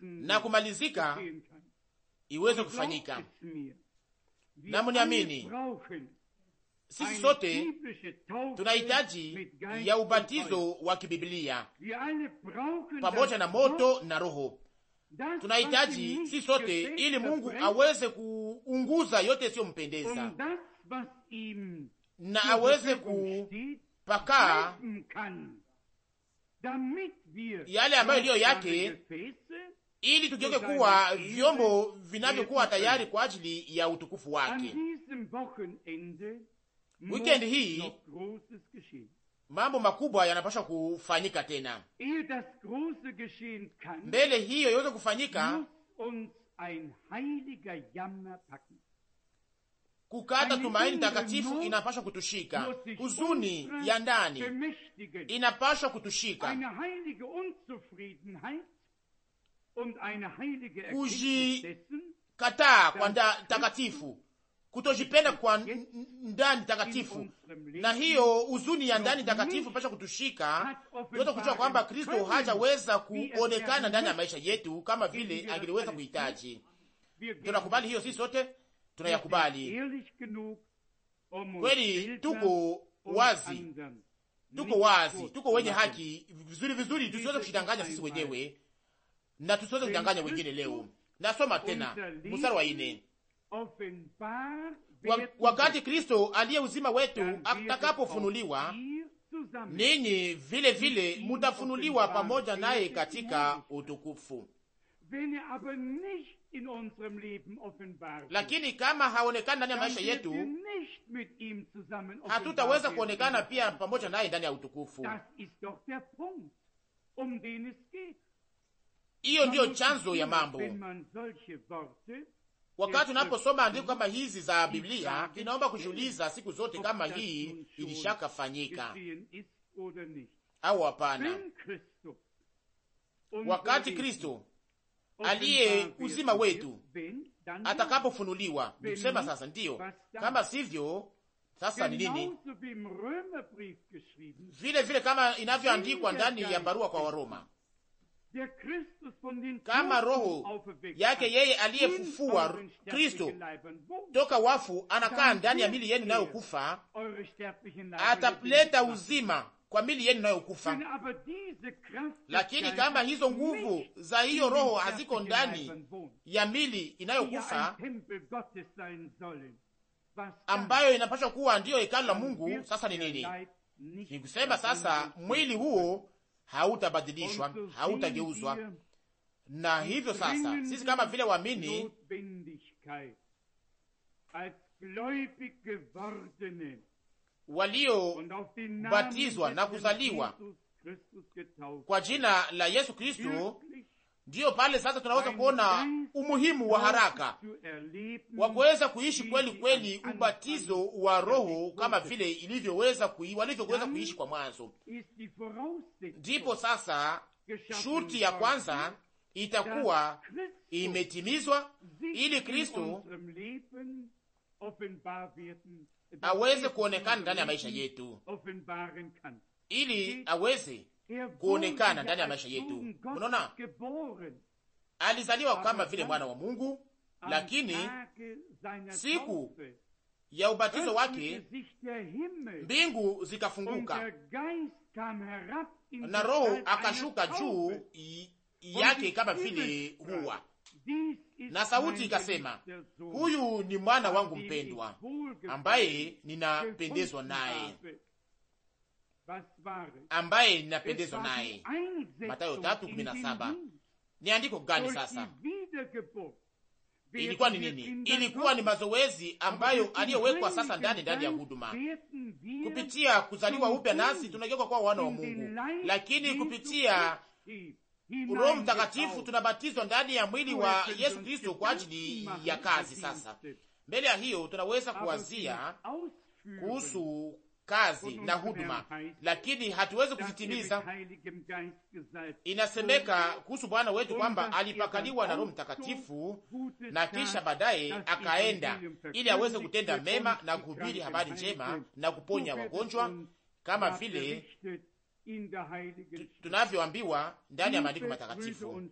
na kumalizika iweze kufanyika. Na mniamini, sisi sote tunahitaji ya ubatizo wa kibiblia pamoja na moto na Roho. Tunahitaji sisi sote, ili Mungu aweze kuunguza yote isiyompendeza na aweze kupakaa yale ambayo iliyo yake, ili tugeuke kuwa vyombo vinavyokuwa tayari kwa ajili ya utukufu wake. Wikendi hii mambo makubwa yanapaswa kufanyika tena mbele hiyo iweze kufanyika kukata tumaini takatifu inapashwa kutushika, huzuni ya ndani inapashwa kutushika, kujikataa kwa takatifu, kutojipenda kwa ndani takatifu. Na hiyo huzuni ya ndani takatifu pasha kutushika yote, kujua kwamba Kristo hajaweza er kuonekana ndani ya maisha yetu kama vile angeliweza kuhitaji. Tunakubali hiyo sisi sote tunayakubali kweli, tuko wazi, tuko wazi, tuko wenye haki vizuri vizuri, tusiweze kushidanganya sisi wenyewe na tusiweze kudanganya wengine. Leo nasoma tena mstari wa ine wakati Kristo aliye uzima wetu atakapofunuliwa, ninyi vile vile mutafunuliwa pamoja naye katika utukufu lakini kama haonekani ndani ya maisha yetu, hatutaweza kuonekana pia pamoja naye ndani ya utukufu. Um Hiyo ndiyo chanzo ya mambo. Wakati unaposoma andiko kama hizi za Biblia, inaomba kujiuliza siku zote kama hii ilishakafanyika au hapana, wakati Kristo aliye uzima wetu atakapofunuliwa. Nikusema sasa, ndiyo, kama sivyo sasa ni nini? Vile vile kama inavyoandikwa ndani ya barua kwa Waroma, kama roho yake yeye aliyefufua Kristo toka wafu anakaa ndani ya mili yenu nayokufa, ataleta uzima kwa mili yenu inayokufa. Lakini kama hizo nguvu za hiyo roho haziko ndani ya mili inayokufa ambayo inapaswa kuwa ndiyo hekalu la Mungu, sasa ni nini? Ni kusema sasa mwili huo hautabadilishwa, hautageuzwa. Na hivyo sasa sisi kama vile waamini waliobatizwa na kuzaliwa kwa jina la Yesu Kristo. Ndiyo pale sasa tunaweza kuona umuhimu wa haraka wa kuweza kuishi kweli kweli ubatizo wa Roho kama vile ilivyoweza kui, walivyoweza kuishi kwa mwanzo. Ndipo sasa shurti ya kwanza itakuwa imetimizwa ili Kristo aweze kuonekana ndani ya maisha yetu, ili aweze kuonekana ndani ya maisha yetu. Unaona, alizaliwa kama vile mwana wa Mungu, lakini siku ya ubatizo wake mbingu zikafunguka na Roho akashuka juu yake kama vile huwa na sauti ikasema, huyu ni mwana wangu mpendwa ambaye ninapendezwa naye, ambaye ninapendezwa naye. Mathayo 3:17. Ni andiko gani sasa? Ilikuwa ni nini? Ilikuwa ni mazoezi ambayo aliyowekwa sasa ndani ndani ya huduma. Kupitia kuzaliwa upya, nasi tunageuka kuwa wana wa Mungu, lakini kupitia Roho Mtakatifu tunabatizwa ndani ya mwili wa Yesu Kristo kwa ajili ya kazi. Sasa mbele ya hiyo tunaweza kuwazia kuhusu kazi na huduma, lakini hatuwezi kuzitimiza. Inasemeka kuhusu Bwana wetu kwamba alipakaliwa na Roho Mtakatifu na kisha baadaye akaenda ili aweze kutenda mema na kuhubiri habari njema na kuponya wagonjwa kama vile tunavyoambiwa ndani ya maandiko matakatifu.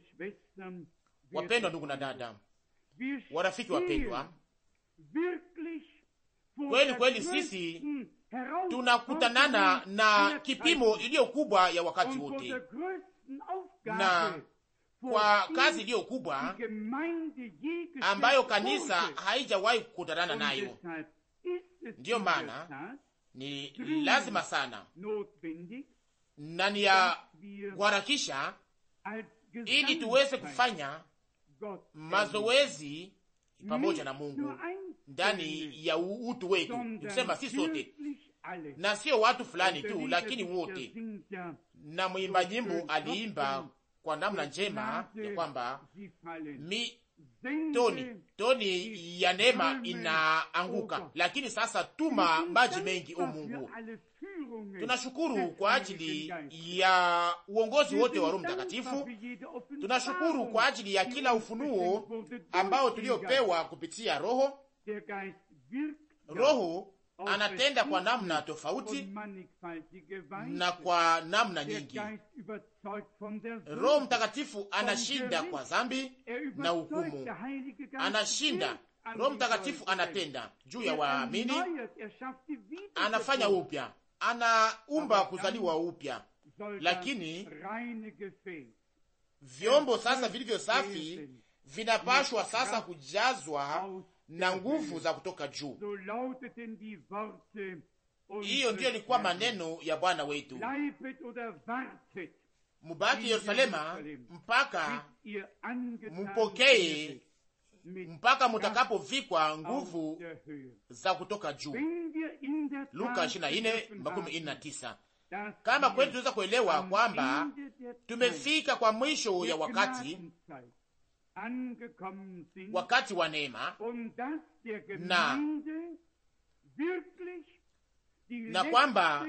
Wapendwa ndugu na dada, warafiki wapendwa, kweli kweli sisi tunakutanana na kipimo iliyo kubwa ya wakati wote na kwa kazi iliyo kubwa ambayo kanisa haijawahi kukutanana nayo. Ndiyo maana ni lazima sana na ni ya kuharakisha, ili tuweze kufanya mazoezi pamoja na Mungu ndani ya utu wetu, tukisema si sote na sio watu fulani tu, lakini wote. Na mwimba nyimbo aliimba kwa namna njema ya kwamba mi toni toni ya neema inaanguka, lakini sasa tuma maji mengi, o Mungu, Tunashukuru kwa ajili ya uongozi wote wa Roho Mtakatifu. Tunashukuru kwa ajili ya kila ufunuo ambao tuliopewa kupitia Roho. Roho anatenda kwa namna tofauti na kwa namna nyingi. Eh, Roho Mtakatifu anashinda kwa dhambi na hukumu, anashinda. Roho Mtakatifu anatenda juu ya waamini, anafanya upya anaumba kuzaliwa upya, lakini vyombo sasa vilivyo safi vinapashwa sasa kujazwa na nguvu za kutoka juu. Um, Hiyo ndiyo ilikuwa maneno ya Bwana wetu, mubaki Yerusalema mpaka mpokee mpaka ah. mutakapovikwa ah. nguvu za kutoka juu. Luka 24:49. Kama kweli tunaweza kuelewa kwamba tumefika kwa mwisho ya wakati, wakati wa neema na na kwamba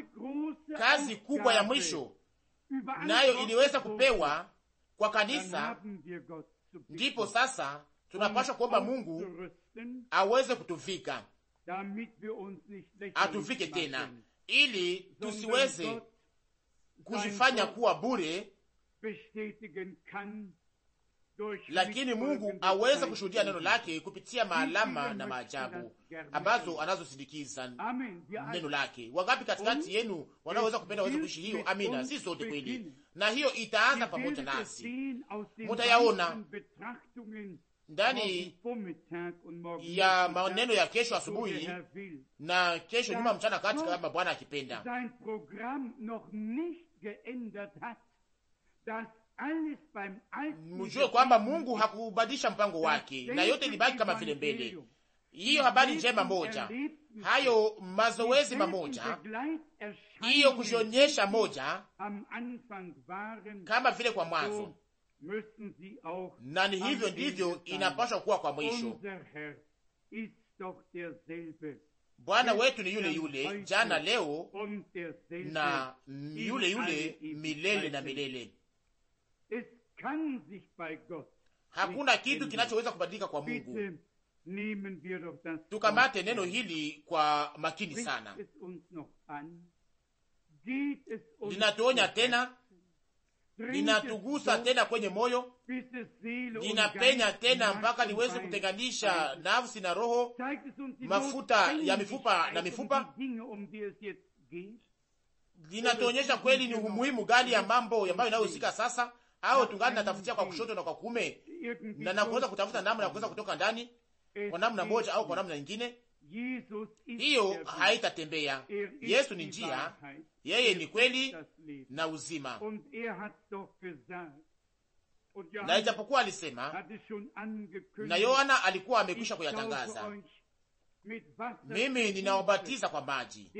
kazi kubwa ya mwisho nayo iliweza kupewa kwa kanisa, ndipo sasa tunapaswa kuomba Mungu aweze kutuvika, atuvike tena, ili tusiweze kuzifanya kuwa bure, lakini Mungu aweze kushuhudia neno lake kupitia maalama na maajabu ambazo anazosindikiza neno lake. Wangapi katikati yenu wanaoweza kupenda waweze kuishi hiyo? Amina, si sote kweli, na hiyo itaanza pamoja nasi, mutayaona ndani ya maneno ya kesho asubuhi na kesho nyuma mchana kati, kama Bwana akipenda. Mjue kwamba Mungu hakubadilisha mpango wake na yote libaki kama vile mbele. Hiyo habari njema moja, hayo mazoezi mamoja, hiyo kujionyesha moja, kama vile kwa mwanzo na ni hivyo ndivyo inapaswa kuwa kwa mwisho. Bwana er wetu ni yule yule jana, leo na yule yule milele na milele. Hakuna kitu kinachoweza kubadilika kwa Mungu. Tukamate neno hili kwa makini sana, linatuonya tena linatugusa tena kwenye moyo, linapenya tena mpaka liweze kutenganisha nafsi na roho, mafuta ya mifupa na mifupa. Linatuonyesha kweli ni umuhimu gani ya mambo ambayo inayohusika sasa, au tungali natafutia kwa kushoto na kwa kume, na nakuweza kutafuta namna ya kuweza kutoka ndani kwa namna moja au kwa namna nyingine hiyo haitatembea. Yesu ni njia, yeye ni kweli na uzima. Er na ijapokuwa alisema, na Yohana alikuwa amekwisha kuyatangaza, mimi ninawabatiza kwa maji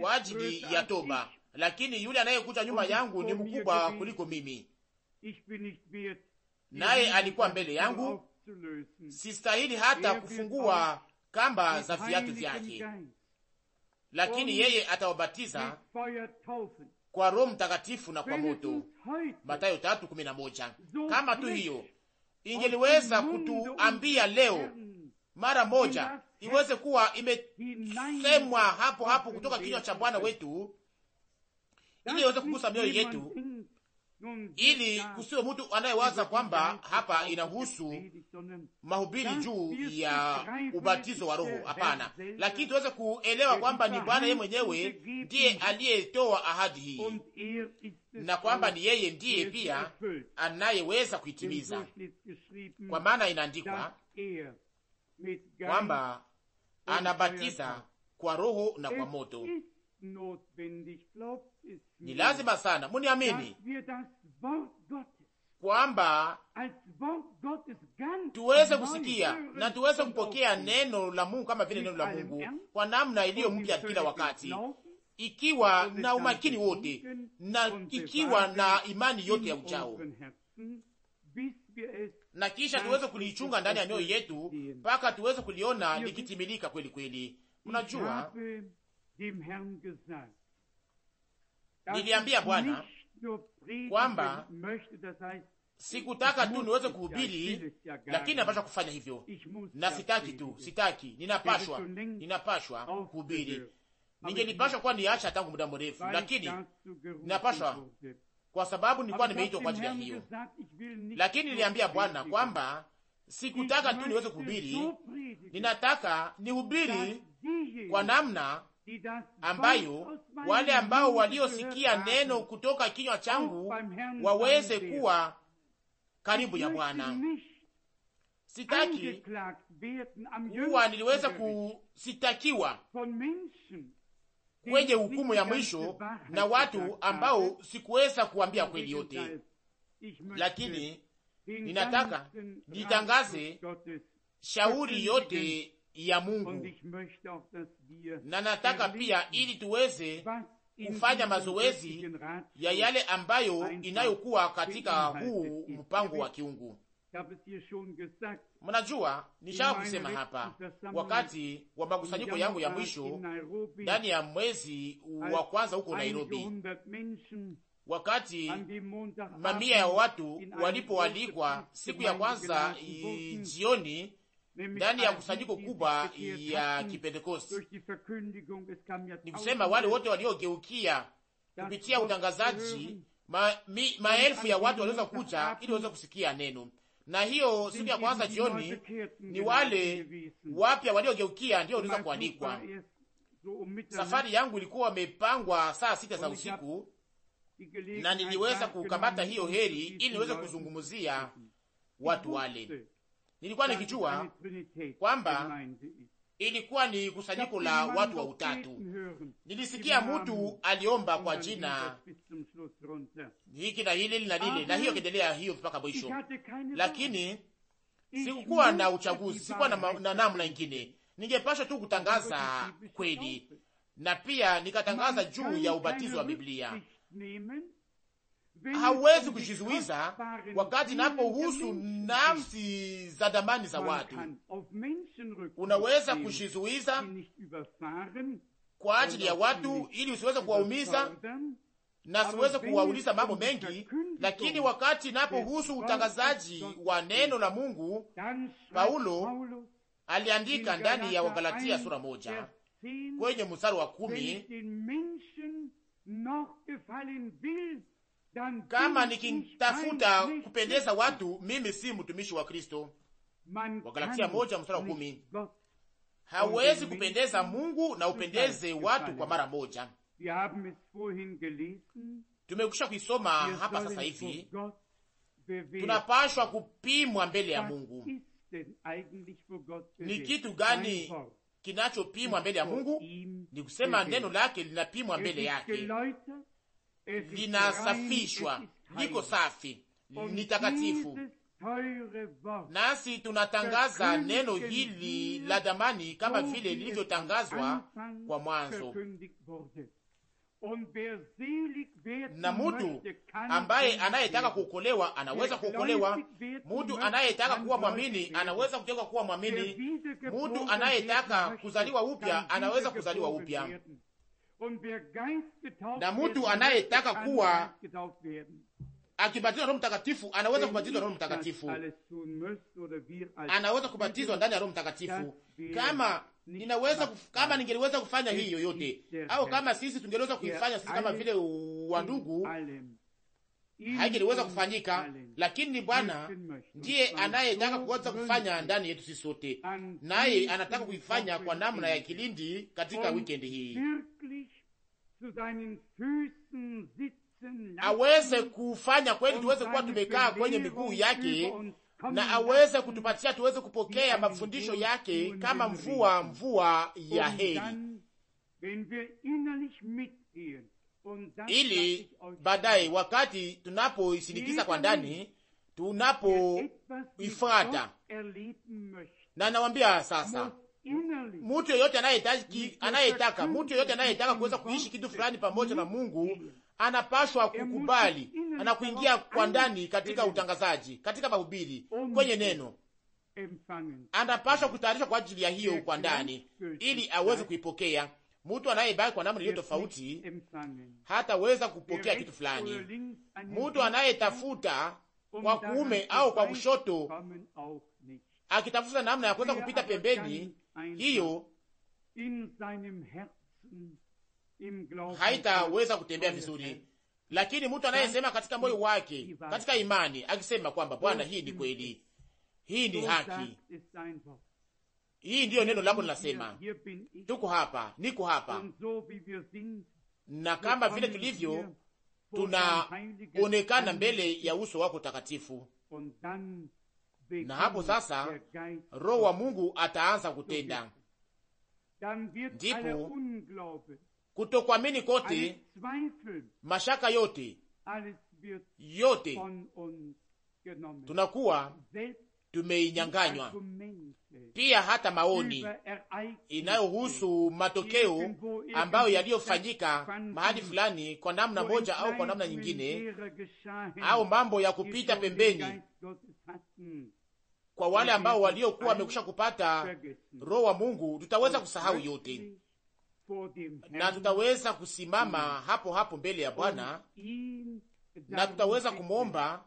kwa ajili ya toba, lakini yule anayekuja nyuma yangu ni mkubwa kuliko mimi, naye alikuwa mbele yangu sistahili hata kufungua kamba za viatu vyake, lakini yeye atawabatiza kwa Roho Mtakatifu na kwa moto. Mathayo 3:11. Kama tu hiyo ingeliweza kutuambia leo mara moja, iweze kuwa imesemwa hapo hapo kutoka kinywa cha Bwana wetu, ili iweze kugusa mioyo yetu ili kusiwe mtu anayewaza kwamba hapa inahusu mahubiri juu ya ubatizo wa Roho. Hapana, lakini tuweze kuelewa kwamba ni Bwana yeye mwenyewe ndiye aliyetoa ahadi hii na kwamba ni yeye ndiye pia anayeweza kuitimiza, kwa maana inaandikwa kwamba anabatiza kwa Roho na kwa moto. Ni lazima sana muniamini kwamba tuweze kusikia na tuweze kupokea neno la Mungu kama vile neno la Mungu kwa namna iliyo mpya kila wakati, ikiwa na umakini wote na ikiwa na imani yote ya uchao, na kisha tuweze kuliichunga ndani ya mioyo yetu mpaka tuweze kuliona likitimilika kweli kweli. Mnajua Niliambia Bwana kwamba sikutaka tu niweze kuhubiri, lakini napashwa kufanya hivyo, na sitaki tu, sitaki, ninapashwa, ninapashwa kuhubiri. Ningelipashwa kuwa niacha tangu muda mrefu, lakini ninapashwa kwa sababu nilikuwa nimeitwa kwa ajili ya hiyo. Lakini niliambia Bwana kwamba sikutaka tu niweze kuhubiri, ninataka nihubiri kwa namna ambayo wale ambao waliosikia neno kutoka kinywa changu waweze kuwa karibu ya Bwana. Sitaki kuwa niliweza kusitakiwa kwenye hukumu ya mwisho na watu ambao sikuweza kuambia kweli yote, lakini ninataka nitangaze shauri yote ya Mungu, na nataka pia ili tuweze kufanya mazoezi ya yale ambayo inayokuwa katika huu mpango wa kiungu. Mnajua, nishaka kusema hapa wakati wa makusanyiko yangu ya mwisho ndani ya mwezi wa kwanza huko Nairobi, wakati mamia ya watu walipoalikwa siku ya kwanza jioni ndani ya kusanyiko kubwa ya Kipentekosti, ni kusema wale wote waliogeukia kupitia utangazaji ma, mi, maelfu ya watu waliweza kuja ili waweze kusikia neno. Na hiyo siku ya kwanza jioni ni wale wapya waliogeukia ndio waliweza kuandikwa. Safari yangu ilikuwa imepangwa saa sita za usiku na niliweza kukamata hiyo heri ili niweze kuzungumzia watu wale nilikuwa nikijua kwamba ilikuwa ni kusanyiko la watu wa utatu. Nilisikia mtu aliomba kwa jina hiki na hili na lile na hiyo kiendelea hiyo mpaka mwisho, lakini sikukuwa na uchaguzi, sikuwa na namna ingine. Ningepasha tu kutangaza kweli, na pia nikatangaza juu ya ubatizo wa Biblia hawezi kujizuiza wakati inapohusu nafsi za damani za watu. Unaweza kujizuiza kwa ajili ya watu ili usiweze kuwaumiza na siweze kuwauliza mambo um mengi, lakini wakati inapohusu utangazaji wa neno la Mungu, Paulo aliandika ndani ya Wagalatia sura moja kwenye mstari wa kumi kama nikitafuta kupendeza watu, mimi si mtumishi wa Kristo. Wagalatia moja mstari wa kumi. Hawezi kupendeza Mungu na upendeze watu kwa mara moja. Tumekwisha kuisoma hapa sasa hivi. Tunapashwa kupimwa mbele ya Mungu. Ni kitu gani kinachopimwa mbele ya Mungu? Ni kusema neno lake linapimwa mbele yake, linasafishwa, liko safi, ni takatifu. Nasi tunatangaza neno hili la damani kama vile lilivyotangazwa kwa mwanzo. Na mutu ambaye anayetaka kuokolewa anaweza kuokolewa. Mutu anayetaka kuwa mwamini anaweza kutoka kuwa mwamini. Mutu anayetaka kuzaliwa upya anaweza kuzaliwa upya na mtu anayetaka kuwa akibatizwa Roho Mtakatifu anaweza kubatizwa Roho Mtakatifu, anaweza kubatizwa ndani ya Roho Mtakatifu. Kama ninaweza kuf, kama ningeliweza kufanya hii yoyote, au kama sisi tungeliweza kuifanya sisi kama vile wandugu haingeliweza kufanyika, lakini Bwana ndiye anayetaka kuweza kufanya ndani yetu sisi sote, naye anataka kuifanya kwa namna ya kilindi katika wikendi hii aweze kufanya kweli tuweze kuwa tumekaa kwenye miguu yake na aweze kutupatia tuweze kupokea mafundisho yake kama mvua, mvua ya heri ili baadaye wakati tunapoisindikiza kwa ndani tunapoifuata. Na nawambia sasa, mtu yoyote anayetaka, mtu yoyote anayetaka kuweza kuishi kitu fulani pamoja na Mungu anapashwa kukubali, anakuingia kwa ndani katika utangazaji, katika mahubiri, kwenye neno, anapashwa kutayarishwa kwa ajili ya hiyo kwa ndani, ili aweze kuipokea Mtu anayebaki kwa namna iliyo tofauti hataweza kupokea kitu fulani. Mtu anayetafuta kwa kuume au kwa kushoto, akitafuta namna ya kuweza kupita pembeni, hiyo haitaweza kutembea vizuri. Lakini mtu anayesema katika moyo wake, katika imani, akisema kwamba Bwana, hii ni kweli, hii ni haki hii ndiyo neno lako linasema, tuko hapa, niko hapa, na kama vile tulivyo tunaonekana mbele ya uso wako takatifu. Na hapo sasa Roho wa Mungu ataanza kutenda, ndipo kutokuamini kote, mashaka yote yote tunakuwa tumeinyanganywa pia hata maoni inayohusu matokeo ambayo yaliyofanyika mahali fulani kwa namna moja au kwa namna nyingine, au mambo ya kupita pembeni kwa wale ambao waliokuwa wamekwisha kupata Roho wa Mungu, tutaweza kusahau yote na tutaweza kusimama hapo hapo mbele ya Bwana na tutaweza kumwomba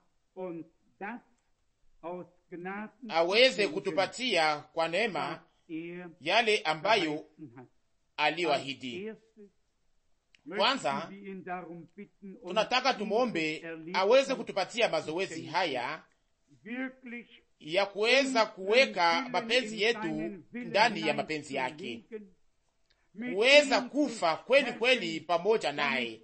aweze kutupatia kwa neema yale ambayo aliyoahidi. Kwanza tunataka tumwombe aweze kutupatia mazoezi haya ya kuweza kuweka mapenzi yetu ndani ya mapenzi yake kuweza kufa kweli kweli pamoja naye,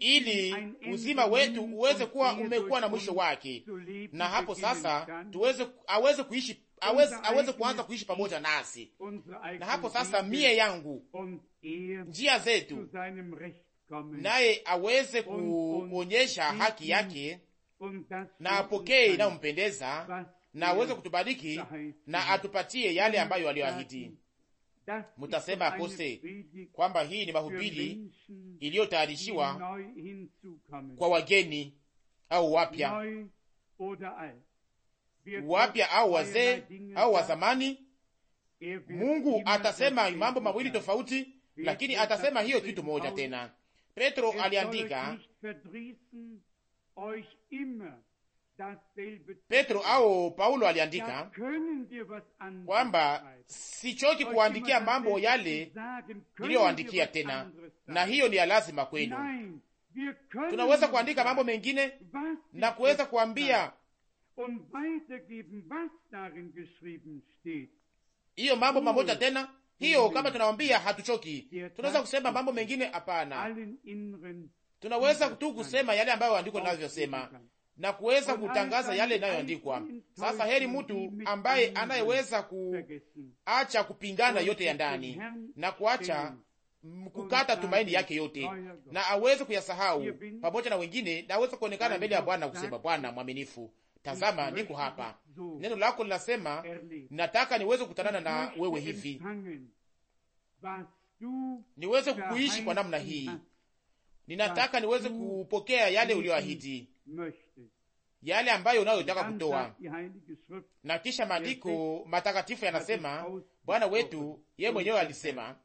ili uzima wetu uweze kuwa umekuwa na mwisho wake, na hapo sasa tuweze aweze kuishi aweze, aweze kuanza kuishi pamoja nasi, na hapo sasa mie yangu njia zetu, naye aweze kuonyesha haki yake na apokee inayompendeza na aweze kutubariki na atupatie yale ambayo aliyoahidi mutasema kose kwamba hii ni mahubiri iliyotayarishiwa kwa wageni au wapya, wapya au wazee au wazamani. Mungu atasema mambo mawili tofauti, lakini atasema hiyo kitu moja tena. Petro aliandika Petro au Paulo aliandika kwamba sichoki kuandikia mambo yale niliyoandikia tena, na hiyo ni ya lazima kwenu. Tunaweza kuandika mambo mengine na kuweza kuambia hiyo mambo mamoja tena hiyo kama tunawambia hatuchoki, tunaweza kusema mambo mengine hapana. Tunaweza tu kusema yale ambayo andiko navyosema, na kuweza kutangaza yale inayoandikwa. Sasa heri mtu ambaye anayeweza kuacha kupingana yote ya ndani na kuacha kukata tumaini yake yote na aweze kuyasahau pamoja na wengine, na aweze kuonekana mbele ya Bwana kusema, Bwana mwaminifu, tazama niko hapa, neno lako linasema, nataka niweze kukutanana na wewe hivi niweze kukuishi kwa namna hii ninataka niweze kupokea yale uliyoahidi, yale ambayo unayotaka kutoa. Na kisha maandiko matakatifu yanasema, Bwana wetu yeye mwenyewe alisema,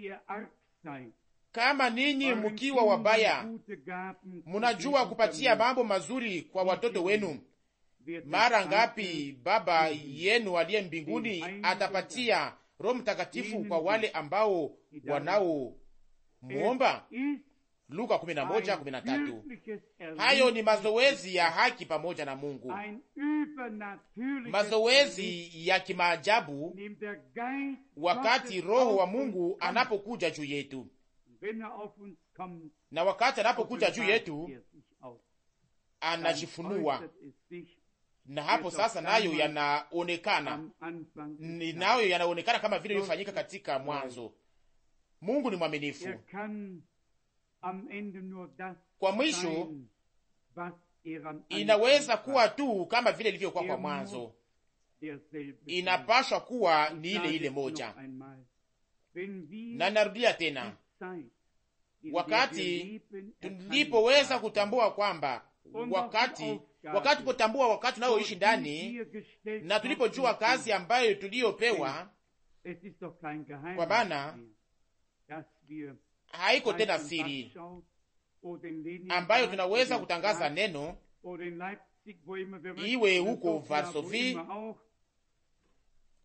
er kama ninyi mkiwa wabaya mnajua kupatia mambo mazuri kwa watoto wenu, mara ngapi Baba yenu aliye mbinguni atapatia Roho Mtakatifu kwa wale ambao wanao muomba. Luka 11:13. Hayo ni mazoezi ya haki pamoja na Mungu, mazoezi ya kimaajabu, wakati Roho wa Mungu anapokuja juu yetu, na wakati anapokuja juu yetu anajifunua na hapo sasa nayo yanaonekana, nayo yanaonekana kama vile iliyofanyika katika mwanzo. Mungu ni mwaminifu. Er kwa mwisho er inaweza kuwa tu kama vile ilivyokuwa kwa er mwanzo, inapashwa kuwa ni ile ile moja. Na narudia tena, wakati tulipoweza kutambua kwamba um wakati wakati tulipotambua wakati ishi ndani na tulipojua kazi ambayo tuliyopewa, kwa maana haiko tena siri ambayo tunaweza kutangaza neno iwe huko Varsovie,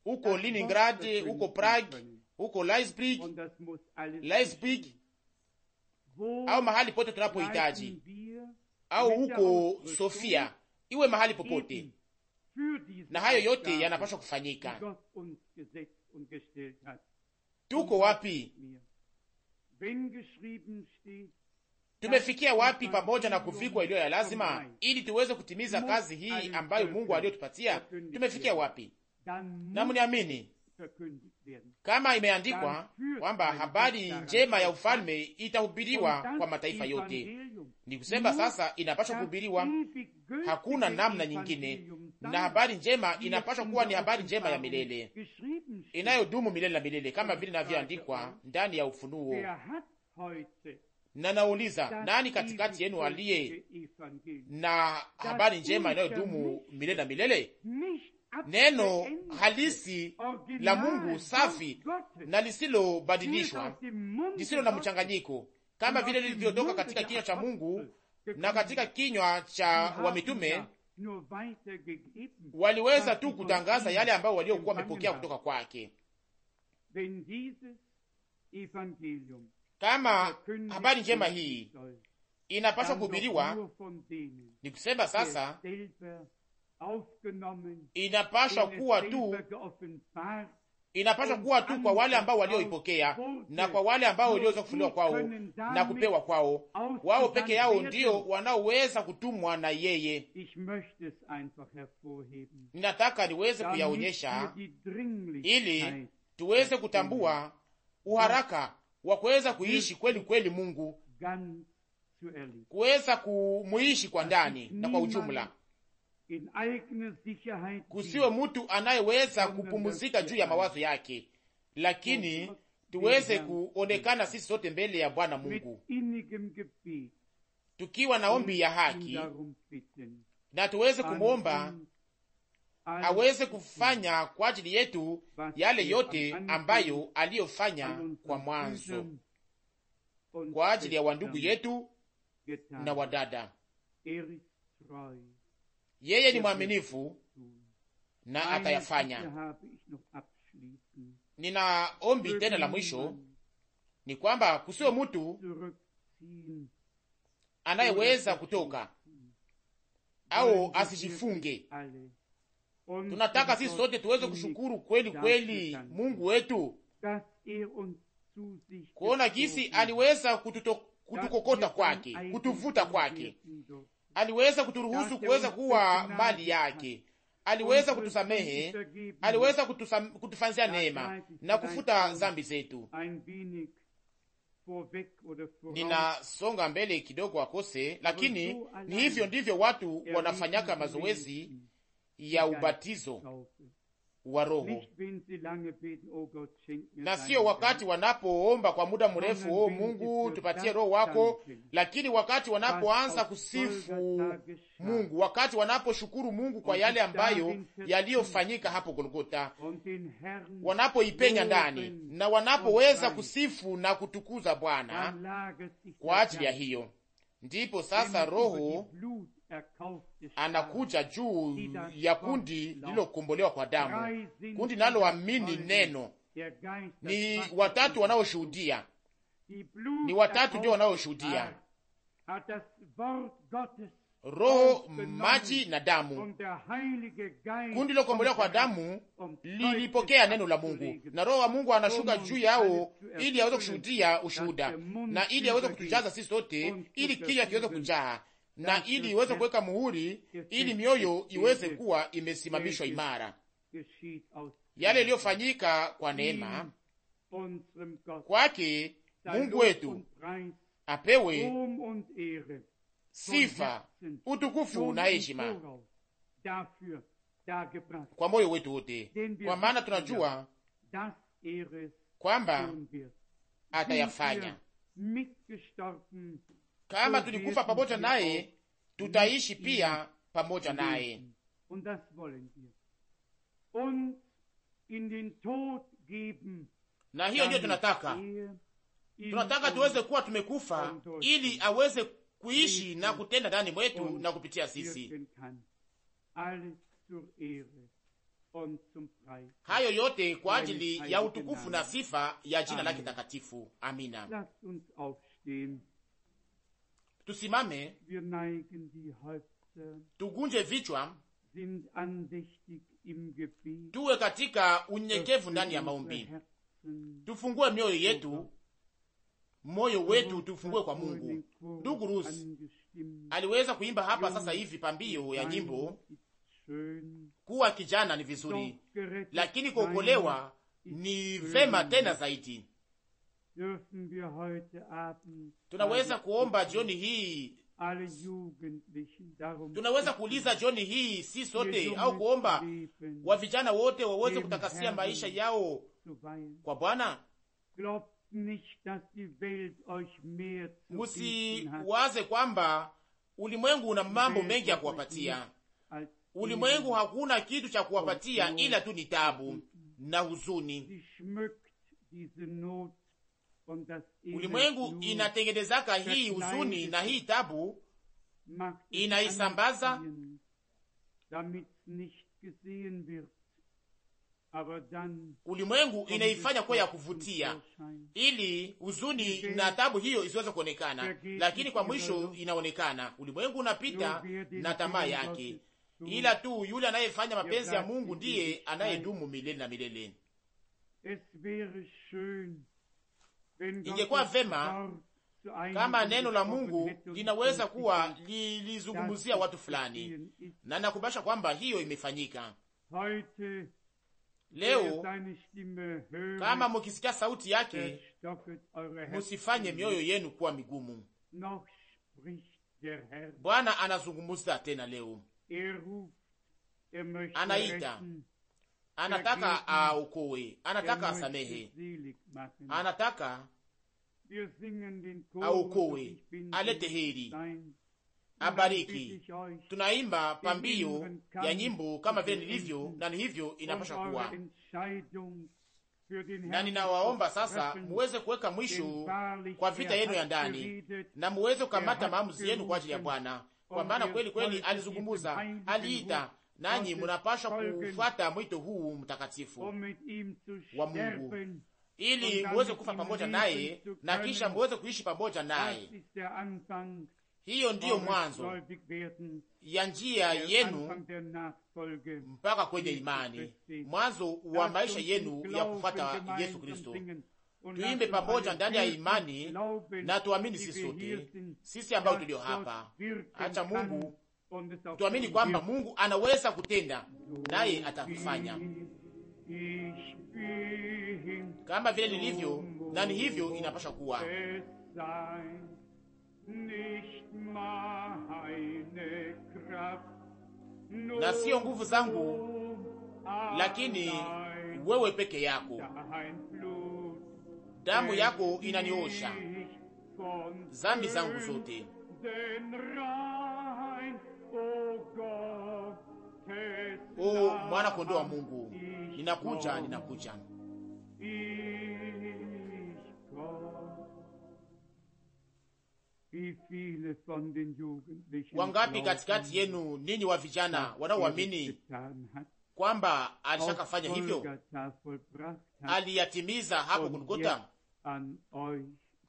huko Leningrad, huko Prague, huko Leipzig, Leipzig au mahali pote tunapohitaji, au huko Sofia, iwe mahali popote, na hayo yote yanapaswa kufanyika. Tuko wapi Tumefikia wapi pamoja na kuvikwa iliyo ya lazima ili tuweze kutimiza kazi hii ambayo Mungu aliyotupatia? Tumefikia wapi? Na mniamini, kama imeandikwa kwamba habari njema ya ufalme itahubiriwa kwa mataifa yote. Ni kusema sasa inapaswa kuhubiriwa, hakuna namna nyingine na habari njema inapaswa kuwa ni habari njema ya milele inayodumu milele na milele, kama vile inavyoandikwa ndani ya Ufunuo. Na nauliza nani katikati yenu aliye na habari njema inayodumu milele na milele? Neno halisi la Mungu safi na lisilobadilishwa, lisilo na mchanganyiko, kama vile lilivyotoka katika kinywa cha Mungu na katika kinywa cha wamitume waliweza tu kutangaza yale ambayo waliokuwa wamepokea kutoka kwake. Kama habari njema hii inapaswa kuhubiriwa, ni kusema sasa inapaswa kuwa tu inapaswa kuwa tu kwa wale ambao walioipokea na kwa wale ambao walioweza kufuliwa kwao na kupewa kwao. Wao peke yao ndio wanaoweza kutumwa na yeye. Ninataka niweze kuyaonyesha ili tuweze kutambua uharaka wa kuweza kuishi kweli kweli Mungu, kuweza kumuishi kwa ndani na kwa ujumla kusiwe mtu anayeweza kupumuzika juu ya mawazo yake, lakini tuweze kuonekana sisi sote mbele ya Bwana Mungu tukiwa na ombi ya haki, na tuweze kumwomba aweze kufanya kwa ajili yetu yale yote ambayo aliyofanya kwa mwanzo kwa ajili ya wandugu yetu na wadada. Yeye ni mwaminifu na atayafanya. Nina ombi tena la mwisho ni kwamba kusio mtu anayeweza kutoka au asijifunge. Tunataka sisi sote tuweze kushukuru kweli kweli Mungu wetu kuona jinsi aliweza kututo, kutukokota kwake, kutuvuta kwake, aliweza kuturuhusu kuweza kuwa mali yake, aliweza kutusamehe, aliweza kutufanzia neema na kufuta zambi zetu. Ninasonga mbele kidogo akose, lakini ni hivyo ndivyo watu wanafanyaka mazoezi ya ubatizo wa roho, oh na sio wakati wanapoomba kwa muda mrefu, o oh Mungu tupatie roho wako, lakini wakati wanapoanza kusifu Mungu, wakati wanaposhukuru Mungu kwa yale ambayo yaliyofanyika hapo Golgota, wanapoipenya ndani na wanapoweza kusifu na kutukuza Bwana kwa ajili ya hiyo, ndipo sasa roho anakuja juu ya kundi lililokombolewa kwa damu, kundi naloamini neno. Ni watatu wanaoshuhudia, ni watatu ndio wanaoshuhudia Roho, maji na damu. Kundi lilokombolewa kwa damu lilipokea neno la Mungu na Roho wa Mungu anashuka juu yao, ili aweze kushuhudia ushuhuda na ili aweze kutujaza sisi sote, ili kinywa kiweze kujaa na ili iweze kuweka muhuri, ili mioyo iweze kuwa imesimamishwa imara. Yale yaliyofanyika kwa neema kwake Mungu wetu apewe sifa, utukufu na heshima kwa moyo wetu wote, kwa maana tunajua kwamba atayafanya kama tulikufa pamoja naye, tutaishi pia pamoja naye. Na hiyo ndiyo tunataka, tunataka tuweze kuwa tumekufa, ili aweze kuishi na kutenda ndani mwetu na kupitia sisi. Hayo yote kwa ajili ya utukufu na sifa ya jina lake takatifu. Amina. Tusimame, tugunje vichwa, tuwe katika unyenyekevu ndani ya maombi, tufungue mioyo yetu, moyo wetu tufungue kwa Mungu. Ndugu Rus aliweza kuimba hapa sasa hivi pambio ya nyimbo kuwa kijana ni vizuri, lakini kuokolewa ni vema tena zaidi tunaweza kuomba jioni hii, tunaweza kuuliza jioni hii, si sote au kuomba wa vijana wote waweze kutakasia maisha yao kwa Bwana. Musiwaze kwamba ulimwengu una mambo mengi ya kuwapatia. Ulimwengu hakuna kitu cha kuwapatia ila tu ni tabu na huzuni. Ulimwengu inatengenezaka hii huzuni na hii tabu, inaisambaza ulimwengu inaifanya kuwa ya kuvutia, ili huzuni na tabu hiyo isiweze kuonekana, lakini kwa mwisho inaonekana. Ulimwengu unapita na tamaa yake, ila tu yule anayefanya mapenzi ya Mungu ndiye anayedumu milele na milele ingekuwa vema kama neno la Mungu linaweza kuwa lilizungumzia watu fulani, na nakubasha kwamba hiyo imefanyika leo. Kama mukisikia sauti yake, musifanye mioyo yenu kuwa migumu. Bwana anazungumza tena leo, er er anaita anataka aokoe, uh, anataka asamehe, anataka aokoe, alete heri, abariki. Tunaimba pambio ya nyimbo kama vile nilivyo, na ni hivyo inapasha kuwa na ninawaomba sasa muweze kuweka mwisho kwa vita yenu ya ndani na muweze kukamata maamuzi yenu kwa ajili ya Bwana, kwa maana kweli kweli alizungumuza, aliita nanyi munapashwa kufuata mwito huu mtakatifu wa Mungu ili muweze kufa pamoja naye na kisha muweze kuishi pamoja naye. Hiyo ndiyo mwanzo ya njia yenu mpaka kwenye imani, mwanzo wa maisha yenu ya kufuata Yesu Kristo. Tuimbe pamoja ndani ya imani na tuamini sisi sote, sisi ambao tulio hapa. Acha Mungu tuamini kwamba Mungu anaweza kutenda naye atakufanya kama vile nilivyo, na hivyo inapasha kuwa. Na sio nguvu zangu, lakini wewe peke yako, damu yako inaniosha zambi zangu zote. O oh, oh, mwana kondoo wa Mungu, ninakuja, ninakuja. Wangapi katikati yenu ninyi wa vijana wanaoamini kwamba alishakafanya hivyo, aliyatimiza hapo Golgotha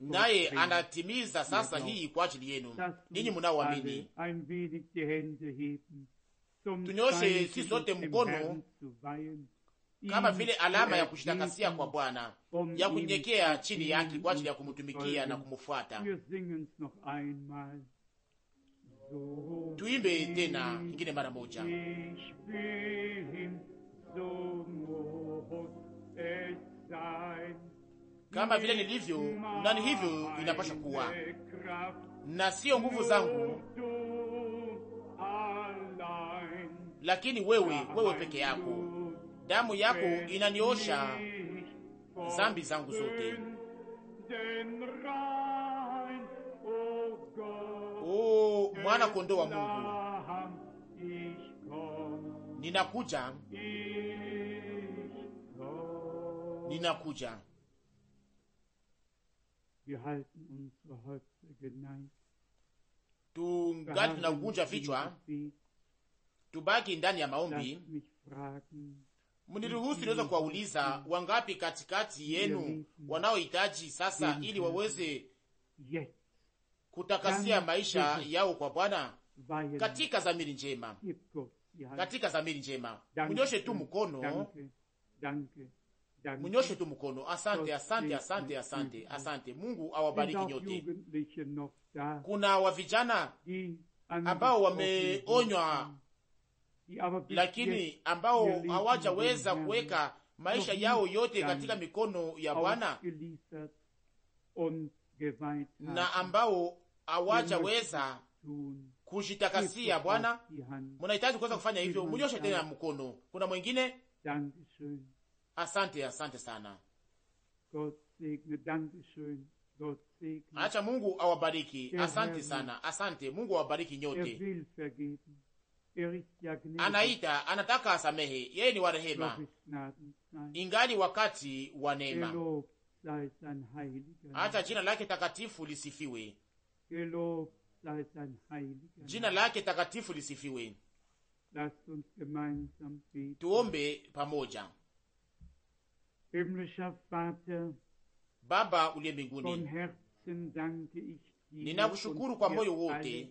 naye anatimiza sasa hii kwa ajili yenu ninyi mnaoamini. Tunyoshe si sote mkono kama vile alama ya kushitakasia kwa Bwana, ya kunyekea chini yake kwa ajili ya kumtumikia na kumfuata. Tuimbe tena ingine mara moja kama vile nilivyo ndani, hivyo inapasha kuwa na sio nguvu zangu, lakini wewe, wewe peke yako. Damu yako inaniosha zambi zangu zote. Oh, mwana kondoo wa Mungu, ninakuja, ninakuja tungali tunakunja vichwa, tubaki ndani ya maombi. Mniruhusu niweza kuwauliza wangapi katikati yenu wanaohitaji sasa, ili waweze kutakasia maisha yao kwa Bwana katika zamiri njema, katika zamiri njema. Mnyoshe tu mkono. Danke, danke mnyoshe tu mkono. Asante, asante, asante, asante, asante. Mungu awabariki nyote. Kuna wavijana ambao wameonywa, lakini ambao hawajaweza kuweka maisha yao yote katika mikono ya Bwana na ambao hawajaweza kujitakasia Bwana, mnahitaji kuweza kufanya hivyo. Mnyoshe tena mkono. Kuna mwengine? Asante, asante sana. Acha Mungu awabariki. Asante sana, asante. Mungu awabariki nyote. Anaita, anataka asamehe. Yeye ni wa rehema, ingali wakati wa neema. Acha jina lake takatifu lisifiwe. Jina lake takatifu lisifiwe. Tuombe pamoja. Baba uliye mbinguni, ninakushukuru kwa moyo wote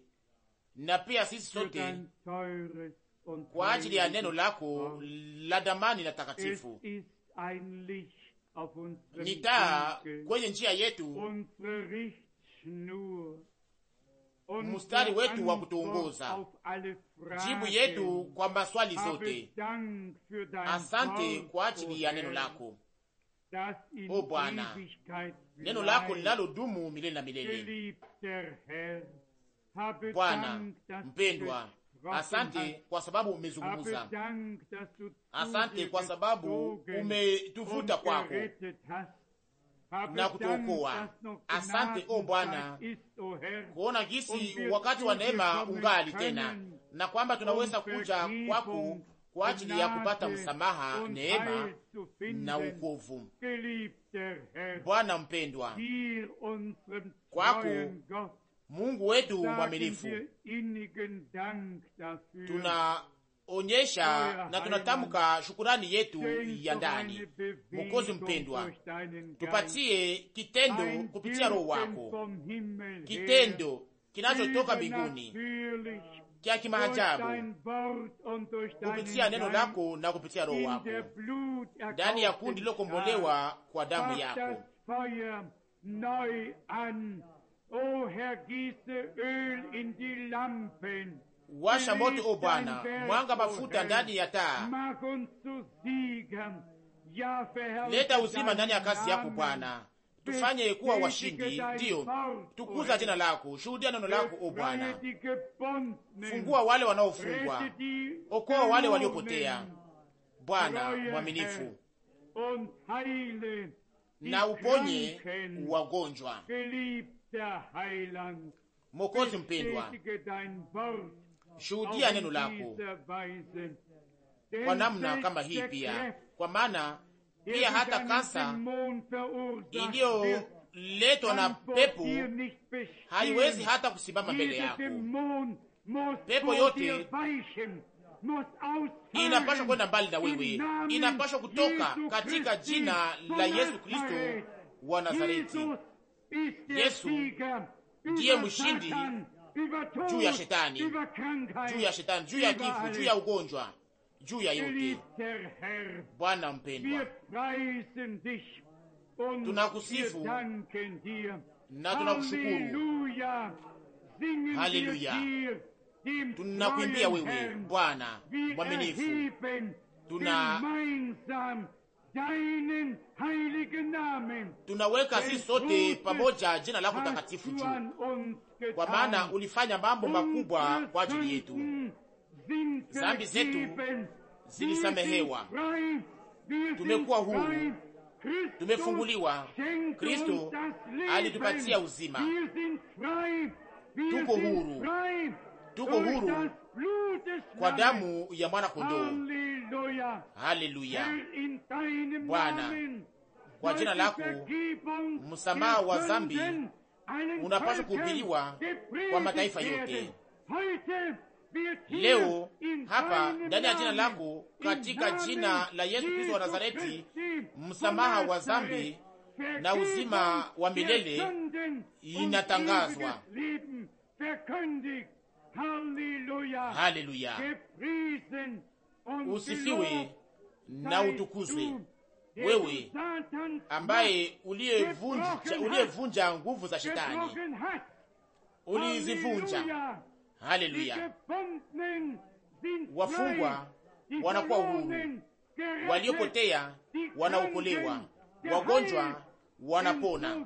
na pia sisi sote kwa ajili ya neno lako la damani na takatifu. Ni taa kwenye njia yetu, mstari wetu wa kutuongoza, jibu yetu kwa maswali zote. Asante kwa ajili ya neno lako. O oh, Bwana, neno lako linalodumu milele na milele. Bwana mpendwa, asante kwa sababu umezungumza, asante kwa sababu umetuvuta kwako na kutuokoa. Asante o oh Bwana oh kuona gisi wakati wa neema ungali tena, na kwamba tunaweza kuja kwako kwa ajili ya kupata msamaha, neema na ukovu. Bwana mpendwa, kwako Mungu wetu mwaminifu, tunaonyesha na tunatamka shukurani yetu ya ndani. Mwokozi mpendwa, tupatie kitendo kupitia Roho wako, kitendo kinachotoka mbinguni ya kimaajabu kupitia neno lako na kupitia Roho wako ndani ya kundi lilokombolewa kwa damu yako. Washa moto, o Bwana, mwanga mafuta ndani ya taa, leta uzima ndani ya kasi yako Bwana tufanye kuwa washindi, ndiyo tukuza jina lako, shuhudia neno lako o Bwana. Fungua wale wanaofungwa, okoa wale waliopotea, Bwana mwaminifu, na uponye wagonjwa. Mokozi mpendwa, shuhudia neno lako kwa namna kama hii pia, kwa maana pia er hata kasa letwa na pepo haiwezi hata kusimama mbele yako. Pepo yote inapashwa kwenda mbali na wewe, inapashwa kutoka katika jina la Yesu Kristo wa Nazareti. Yesu ndiye mshindi juu ya shetani, juu ya shetani, juu ya kifo, juu ya ugonjwa juu ya yote. Bwana mpendwa, tunakusifu na tunakushukuru. Haleluya, tunakuimbia wewe Bwana mwaminifu, tuna tunaweka sisi sote pamoja jina lako takatifu juu, kwa maana ulifanya mambo makubwa kwa ajili yetu. Zambi zetu zilisamehewa, tumekuwa huru, tumefunguliwa. Kristo alitupatia uzima, tuko huru, tuko huru kwa damu ya mwana kondoo. Haleluya! Bwana, kwa jina lako msamaha wa dhambi unapaswa kuhubiriwa kwa mataifa yote leo hapa ndani ya jina lako, katika jina la Yesu Kristo wa Nazareti, msamaha wa zambi na uzima wa milele inatangazwa. Haleluya, usifiwe na utukuzwe wewe ambaye uliyevunja nguvu za shetani, ulizivunja Haleluya! Wafungwa wanakuwa huru, waliopotea wanaokolewa, wagonjwa wanapona.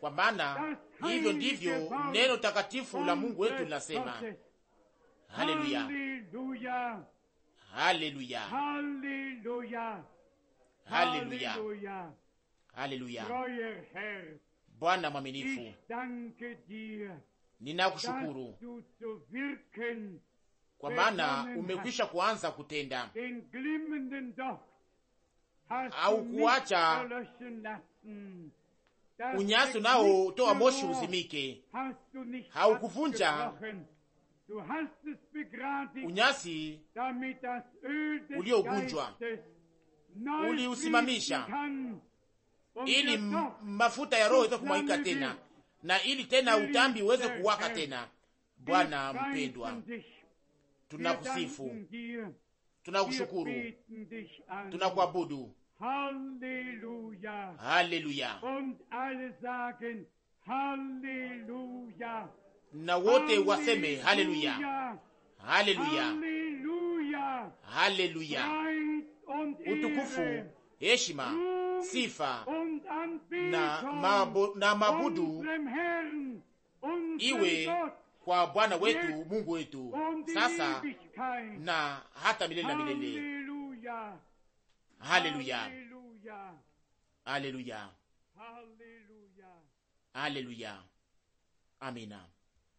Kwa maana hivyo ndivyo neno takatifu la Mungu wetu linasema. Haleluya, haleluya, haleluya, haleluya! Bwana mwaminifu. Ninakushukuru kwa maana umekwisha kuanza kutenda au kuacha unyasi nao toa moshi uzimike, haukuvunja unyasi uliogunjwa, uliusimamisha um ili mafuta ya Roho iweze kumwagika tena na ili tena utambi uweze kuwaka tena. Bwana mpendwa, tunakusifu, tunakushukuru, tunakuabudu. Haleluya! na wote waseme haleluya, haleluya, haleluya! Utukufu heshima, mm. sifa na mabu, na mabudu iwe kwa Bwana wetu Mungu wetu sasa na hata milele na milele. Haleluya, haleluya, haleluya, amina.